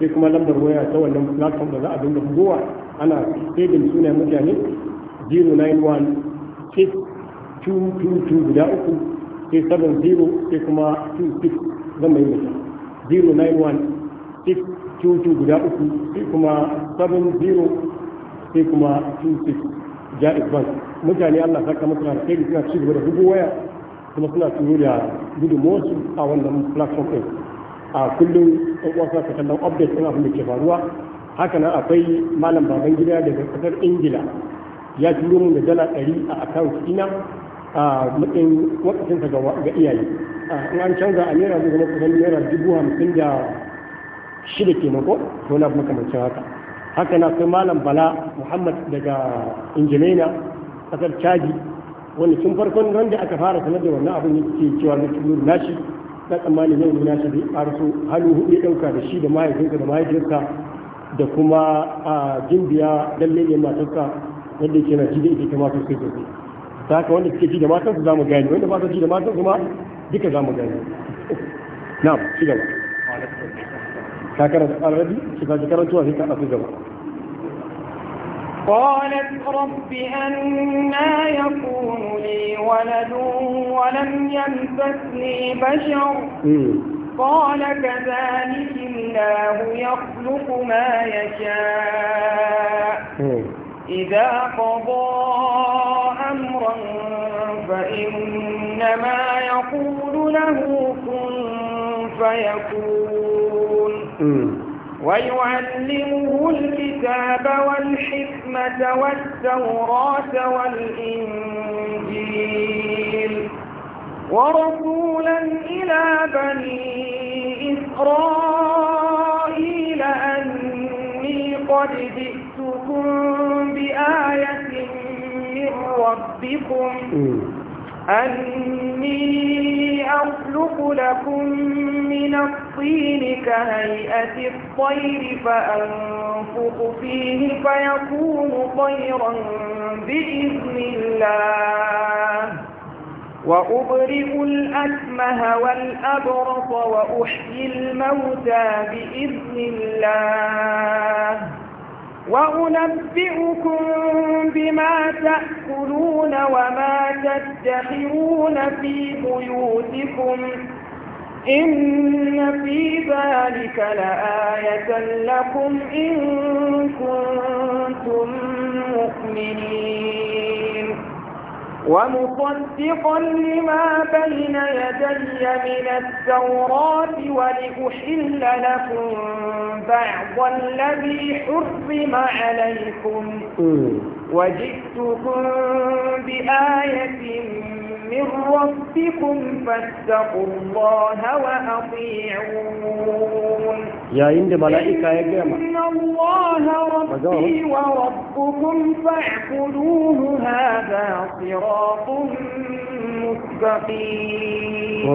sai kuma lambar waya ta wannan platform da za a dinga bugowa ana saving sunayen mutane 091 guda uku sai 70 sai kuma 26 zan guda uku kuma sai kuma mutane allah saka musu na kai suna ci gaba da bugu waya kuma suna turo da gudu motsu a wannan platform ɗin a kullum ɗan uwa suna kallon update ɗin abin da ke faruwa haka akwai malam baban gida daga ƙasar ingila ya turo mun da dala ɗari a account ina a matsayin wakafinsa ga iyaye in an canza a naira zai zama kusan naira dubu hamsin da shida kenan ko to na makamancin haka haka na sai malam bala muhammad daga injimena kasar chadi wani tun farkon ran da aka fara sanar da wannan abin yake cewa na tulu nashi na tsammanin yau ne nashi bai arso hannu hudu ya dauka da shi da mahaifinsa da mahaifinka da kuma a jimbiya lalle ne matarsa wanda yake na ji da ita ma sosai sosai ta haka wanda suke ci da matan su zamu gani wanda ba su ci da matan su ma duka zamu gani na ci gaba ta karanta alrabi su ta ji karantuwa sai ta ɗafi gaba قالت رب أنا يكون لي ولد ولم يمسسني بشر قال كذلك الله يخلق ما يشاء إذا قضى أمرا فإنما يقول له كن فيكون ويعلمه الكتاب والحكمة والتوراة والإنجيل ورسولا إلى بني إسرائيل أن قد جئتكم بآية من ربكم أني أخلق لكم من الطين كهيئة الطير فأنفق فيه فيكون طيرا بإذن الله وأبرئ الأكمه والأبرص وأحيي الموتى بإذن الله وأنبئكم بما تأكلون وما تدخرون في بيوتكم إن في ذلك لآية لكم إن كنتم مؤمنين ومصدقا لما بين يدي من التوراة ولأحل لكم بعض الذي حرم عليكم وجئتكم بآية من ربكم فاتقوا الله وأطيعون يا عند ملائكة يا جماعة إن الله ربي وربكم فاعبدوه هذا صراط مستقيم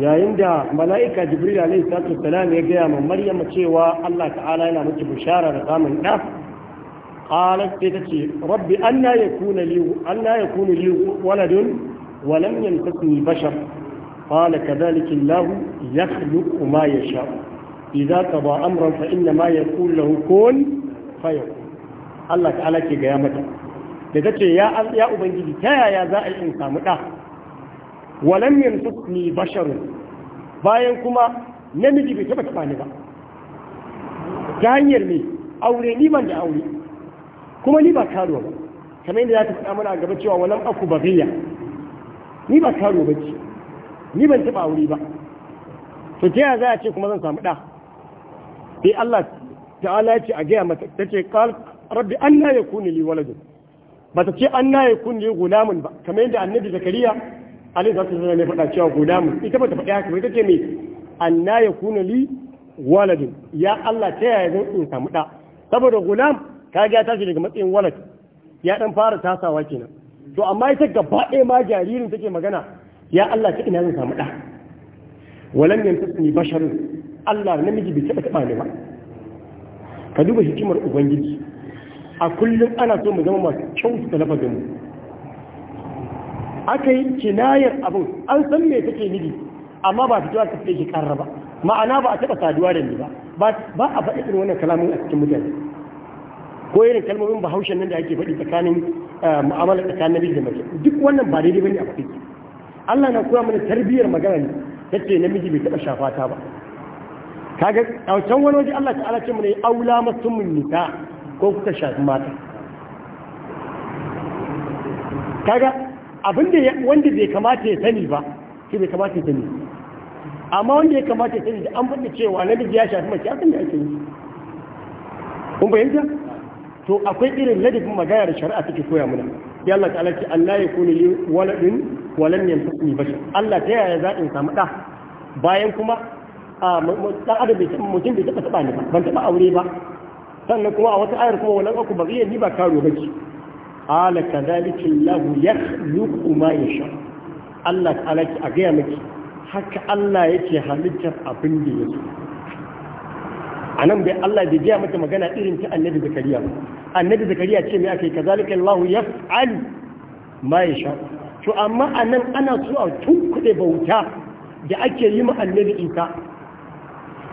yayin da mala'ika jibril alaihi salatu salam ya gaya ma maryam cewa Allah ta'ala yana miki bishara da samun qalat sai tace rabbi anna yakuna li anna yakunu li waladun wa lam yamtasni bashar qala kadhalika allah yakhluqu ma yasha idza qada amran fa inna ma yaqulu lahu kun fayakun Allah ta'ala ke gaya mata da tace ya ya ubangiji ta yaya za a yi in samu da walam yamtasni basharun bayan kuma namiji bai taba taba ni ba ta hanyar ne aure ni ban da aure kuma ni ba karuwa ba kamar yadda za ta faɗa mana a gaba cewa walam aku ba bagayya ni ba karuwa ba ce ni ban taɓa aure ba to ta yaya za a ce kuma zan samu ɗa sai Allah ta'ala ya ce a gaya mata ta ce rabbi an na ya kuni li waladun ba ta ce an na ya kuni li gulamun ba kamar yadda annabi zakariya alaihi salatu wasallam ya faɗa cewa gulamun ita ba ta faɗi haka ba ita ce me an na ya kuni li waladun ya Allah ta yaya zan in samu ɗa saboda gulam kage ya tashi daga matsayin walad ya dan fara tasawa kenan to amma ita gaba ɗaya ma jaririn take magana ya Allah ta ina zan samu da walam yantasni basharun Allah namiji bai taɓa taɓa ne ba ka duba hikimar ubangiji a kullum ana so mu zama masu kyau da lafazin mu aka yi kinayar abin an san me take miji amma ba fitowa ta take karra ba ma'ana ba a taba saduwa da ni ba ba a faɗi irin wannan kalamin a cikin mutane ko irin kalmomin bahaushen nan da ake faɗi tsakanin eh, mu'amala tsakanin namiji da mace duk wannan ba daidai bane a faɗi Allah na koya mana tarbiyyar magana ne tace namiji bai taɓa shafa ta ba kaga a can wani waje Allah ta'ala ce mana aula aula min nita ko kuka shafi mata kaga abinda wanda bai kamata ya sani ba shi bai kamata ya sani amma wanda ya kamata ya sani da an faɗi cewa namiji ya shafi mace kan da ake yi kun bayyanta to akwai irin ladifin magana da shari'a take koya mana ya Allah ta'ala ce Allah ya kuni li waladin walan yantasni bashar Allah ta yaya za in samu da bayan kuma dan adam bai san mutum bai taba taba ni ba ban taba aure ba sannan kuma a wata ayar kuma walan aku baghiya ni ba karo bace ala kadhalika Allah yakhluqu ma yasha Allah ta'ala ki a ga miki haka Allah yake halittar abin da yake a nan bai Allah bai gaya mata magana irin ta annabi zakariya ba annabi zakariya ce mai aka yi kazalika Allah yaf'al ma sha. to amma a nan ana so a tunkuɗe bauta da ake yi ma annabi ka.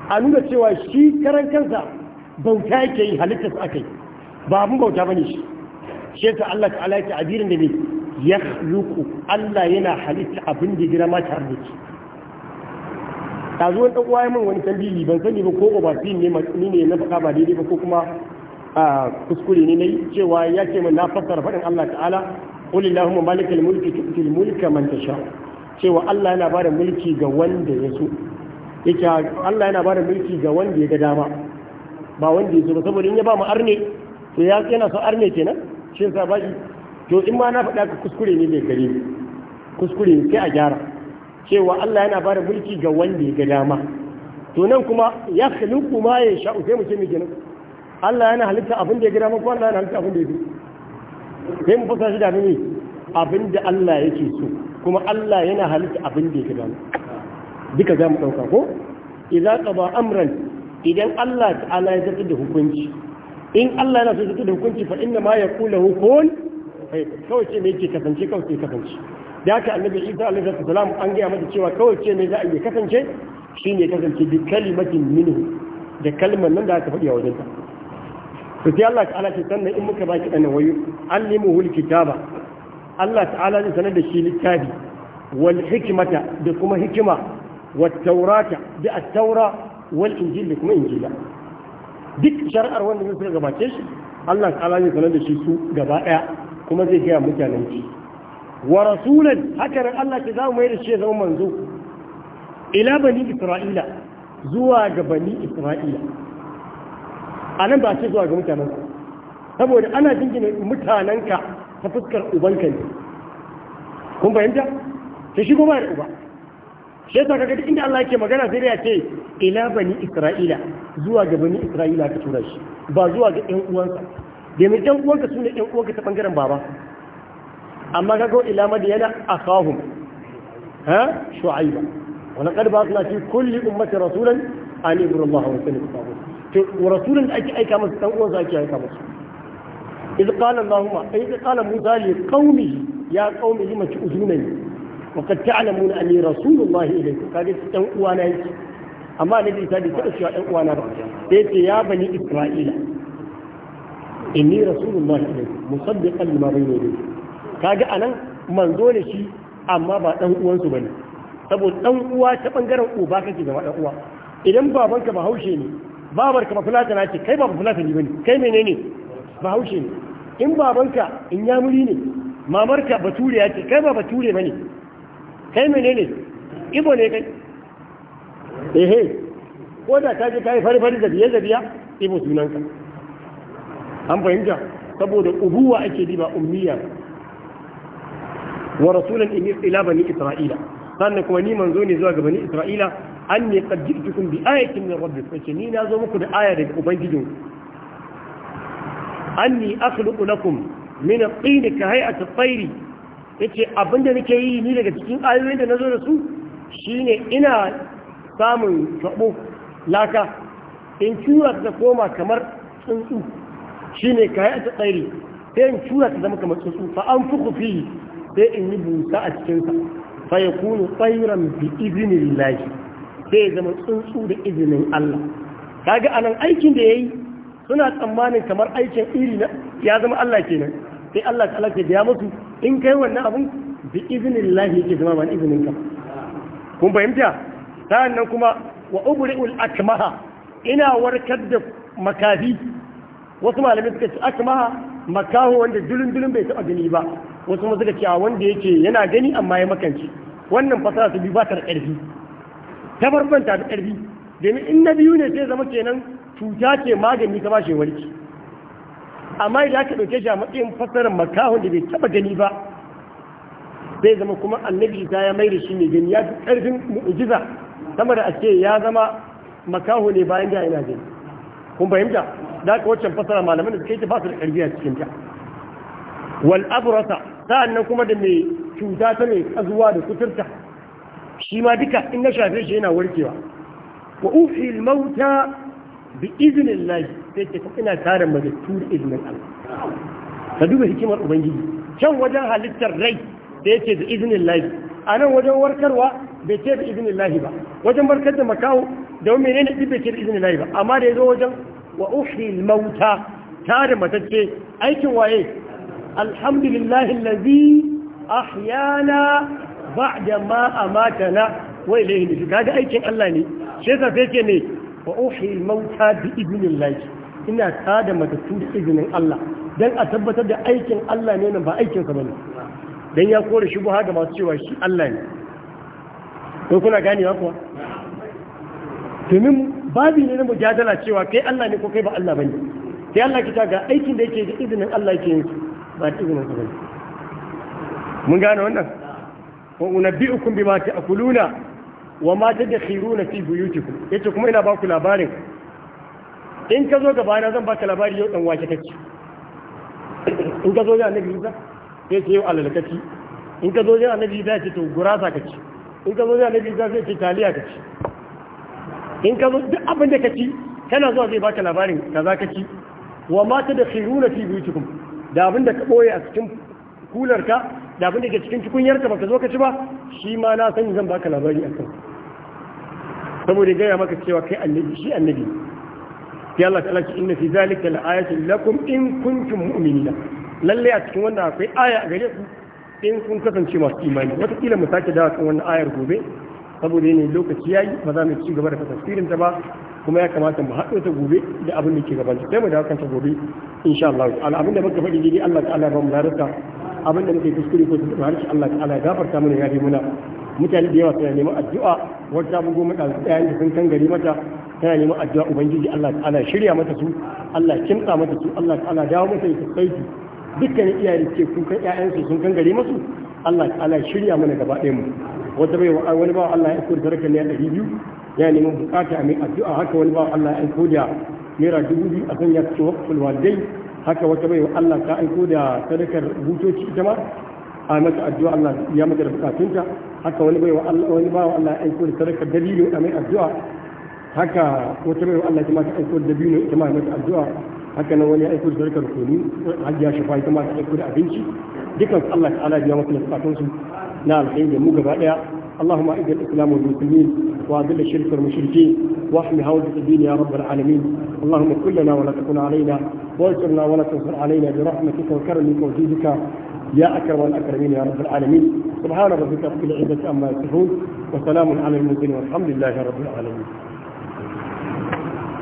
a nuna cewa shi karan kansa bauta yake yi halittar aka yi ba abin bauta bane shi shi ta Allah ta'ala yake abirin da ne ya Allah yana halitta abin da girma tare da ɗazu wani ɗan'uwa ya min wani tambihi ban sani ba ko obasin ne ni ne na faka ba daidai ba ko kuma kuskure ne na yi cewa ya ce min na fassara faɗin Allah ta'ala qul allahumma malikal mulki tu'til mulka man tasha cewa Allah yana bada mulki ga wanda ya so yake Allah yana bada mulki ga wanda ya ga dama ba wanda ya so ba saboda in ya ba mu arne to ya yana so arne kenan shin sa baki to in ma na faɗa ka kuskure ne mai gari kuskure sai a gyara cewa Allah yana ba da mulki ga wanda ya ga dama to nan kuma ya khluqu ma ya sha'u sai mu ce mijin Allah yana halitta abin da ya ga dama ko Allah yana halitta abin da ya ga sai mu fasa shi da mini abin da Allah yake so kuma Allah yana halitta abin da ya ga dama duka za mu dauka ko idza qaba amran idan Allah ta'ala ya zata da hukunci in Allah yana so ya zata da hukunci fa inna ma hukun kai kawai ce me yake kasance kawai sai kasance da haka annabi isa alaihi salam an gaya mata cewa kawai ce me za a yi kasance Shi ne kasance bi kalimatin minhu da kalmar nan da aka faɗi a wajen ta to sai Allah ta'ala ce sannan in muka baki dan wayu allimuhu alkitaba Allah ta'ala zai sanar da shi littafi wal hikmata da kuma hikima wat taurata da at-taura wal injil da kuma injila duk shari'ar wanda zai gabace shi Allah ta'ala zai sanar da shi su gaba daya kuma zai gaya mutanen shi wa rasulan haka ran Allah ke zamu mai da shi zama manzo ila bani isra'ila zuwa ga bani isra'ila anan ba ce zuwa ga mutanen saboda ana jingina mutanenka ta fuskar ubanka ne kun fahimta ta shi kuma da uba shi ta kaga inda Allah yake magana sai ya ce ila bani isra'ila zuwa ga bani isra'ila ka tura shi ba zuwa ga ƴan uwansa domin ƴan uwanka su ne ƴan uwanka ta bangaren baba amma ka go ila madiyana akahum ha shu'aiba Wani laqad suna fi kulli ummati rasulan an ibru Allah wa sallu to rasulun da ake aika masu dan uwansa ake aika masu, masa kala qala Allahumma idh qala Musa li qaumi ya qaumi lima tu'zunani wa qad ta'lamuna anni rasulullahi ilaykum kaga dan uwana yake amma ne da ita da ta cewa ɗan uwana ba sai ce ya bani isra'ila inni rasulullahi ilaykum musaddiqan lima bayna yadayhi kaga anan manzo ne shi amma ba ɗan uwansu ba ne saboda ɗan uwa ta ɓangaren uba kake zama ɗan uwa idan babanka ba haushe ne babarka ba fulata na ce kai ba fulata ne ne kai ne? ba haushe ne in babanka in yamuri ne mamarka ya ce kai ba bature ne? kai ne? ibo ne kai ehe ko da ka je kai fari fari da biye da biya ibo sunanka an fahimta saboda ubuwa ake diba ummiya wa rasulan ila bani isra'ila sannan kuma ni manzo ne zuwa ga bani isra'ila anni qad jitukum bi ayatin min rabbikum ce ni na zo muku da aya daga ubangijinku anni akhluqu lakum min at-tin ka hay'ati at-tayr yace abinda nake yi ni daga cikin ayoyin da nazo da su shine ina samun tabo laka in cura ta koma kamar tsuntsu shine ka hay'ati at-tayr sai in cura ta zama kamar tsuntsu fa an fuku fihi sai in yi busa a cikinsa fa ya kunu tsairan bi izinin lahi sai ya zama tsuntsu da izinin Allah kaga anan aikin da yayi suna tsammanin kamar aikin iri na ya zama Allah kenan sai Allah ta da ya musu in kai wannan abun bi izinin lahi yake zama ba izinin ka kun fahimta sa'annan kuma wa ubri'ul akmaha ina warkar da makafi wasu malamai suka ce akmaha makaho wanda dulun dulun bai taba gani ba wasu masu suka cewa wanda yake yana gani amma ya makanci. wannan fasara su biyu ba ta da ƙarfi ta farkon ta da ƙarfi domin in na biyu ne sai zama kenan cuta ke magani ta bashi warki amma idan aka ɗauke shi a matsayin fasarar makahon da bai taɓa gani ba zai zama kuma annabi ta ya mai da shi mai gani ya fi ƙarfin mu'ujiza sama da ake ya zama makaho ne bayan da yana gani kun fahimta da aka waccan fasara malaman da suka yi ta ba su da ƙarfi a cikin ta wal abrasa sa'annan kuma da mai cuta ta ne tsazuwa da kuturta shi ma duka in na shafe shi yana warkewa wa ufi mauta bi izinin lahi sai ce ina tare magattu da izinin Allah ka duba hikimar ubangiji can wajen halittar rai da yake da izinin lahi a nan wajen warkarwa bai ce da izinin lahi ba wajen barkar da makawo da wani menene ɗin bai ce da izinin lahi ba amma da ya zo wajen wa ufi mauta tare matacce aikin waye الحمد لله الذي أحيانا بعد ما أماتنا وإليه نشك هذا أي شيء الله ني شيخ فيكني وأحيي الموتى بإذن الله إنا كاد ما da izinin Allah. dan a tabbatar da aikin Allah ne nan ba aikin ka bane dan ya kore shubuha ga masu cewa shi Allah ne ko kuna ganewa kuwa domin babi ne na mujadala cewa kai Allah ne ko kai ba Allah bane sai Allah kita ga aikin da yake da izinin Allah yake yin ba da izinin su bane mun gane wannan wa unabbi'ukum bima ta'kuluna wa ma tadkhiruna fi buyutikum yace kuma ina ba ku labarin in ka zo gaba na zan baka labari yau dan wake kake in ka zo ga annabi Isa sai ce yau alalkaci in ka zo ga annabi Isa sai to gurasa kace in ka zo ga annabi Isa sai ce taliya kace in ka zo duk abin da kaci kana zuwa zai baka labarin kaza kaci wa ma tadkhiruna fi buyutikum da abin da ka ɓoye a cikin kularka da abin da ke cikin tukunyarka ka zo ka ci ba shi ma na sani zan baka labari kan saboda gaya maka cewa kai annabi shi annabi Ya Allah ta laki inna fi zalika la'ayatin lakum in kuntum mu'minina lalle a cikin wannan akwai aya a gare ku in kun kasance masu imani wata kila mu sake dawo kan wannan ayar gobe saboda yanayin lokaci yi ba za mu ci gaba da tafsirin ta ba kuma ya kamata mu haɗo ta gobe da abin da ke gaban ta sai mu dawo kanta gobe insha Allah ta'ala abin da muka faɗi dai Allah ta'ala ba mu larata abin da muke kuskure ko tuntuɓe harshe Allah ta'ala ya gafarta mana ya bi muna mutane da yawa suna neman addu'a wata mu goma ɗan da sun kangare mata tana neman addu'a ubangiji Allah ta'ala shirya mata su Allah kimtsa mata su Allah ta'ala dawo mata ya tsaiki dukkanin iyaye ke kai ƴaƴansu sun kangare musu masu Allah ta'ala shirya mana gaba ɗayan mu wata bai wani bawa Allah ya aiko da sadaka naira ɗari biyu ya neman bukata a mai addu'a haka wani bawa Allah ya aiko da naira dubu biyu a sanya cikin wakful walidai haka wata bai Allah ta aiko da sadakar butoci ita ma a mata addu'a Allah ya mata da bukatunta haka wani bai wani bawa Allah ya aiko da sadakar dalilin a mai addu'a haka wata bai Allah ta mata aiko da dabino ita ma mata addu'a haka nan wani aiko da sadakar kunu hajji ya shafa ita ma ta aiko da abinci dukkan Allah ta'ala biya mata da bukatunsu na alkhairi da mu gaba daya اللهم اعز الاسلام والمسلمين واذل الشرك والمشركين واحمي هوجة الدين يا رب العالمين اللهم كن لنا ولا تكن علينا وانصرنا ولا تنصر علينا برحمتك وكرمك وجودك يا اكرم الاكرمين يا رب العالمين سبحان ربك رب العزه عما يصفون وسلام على المسلمين والحمد لله رب العالمين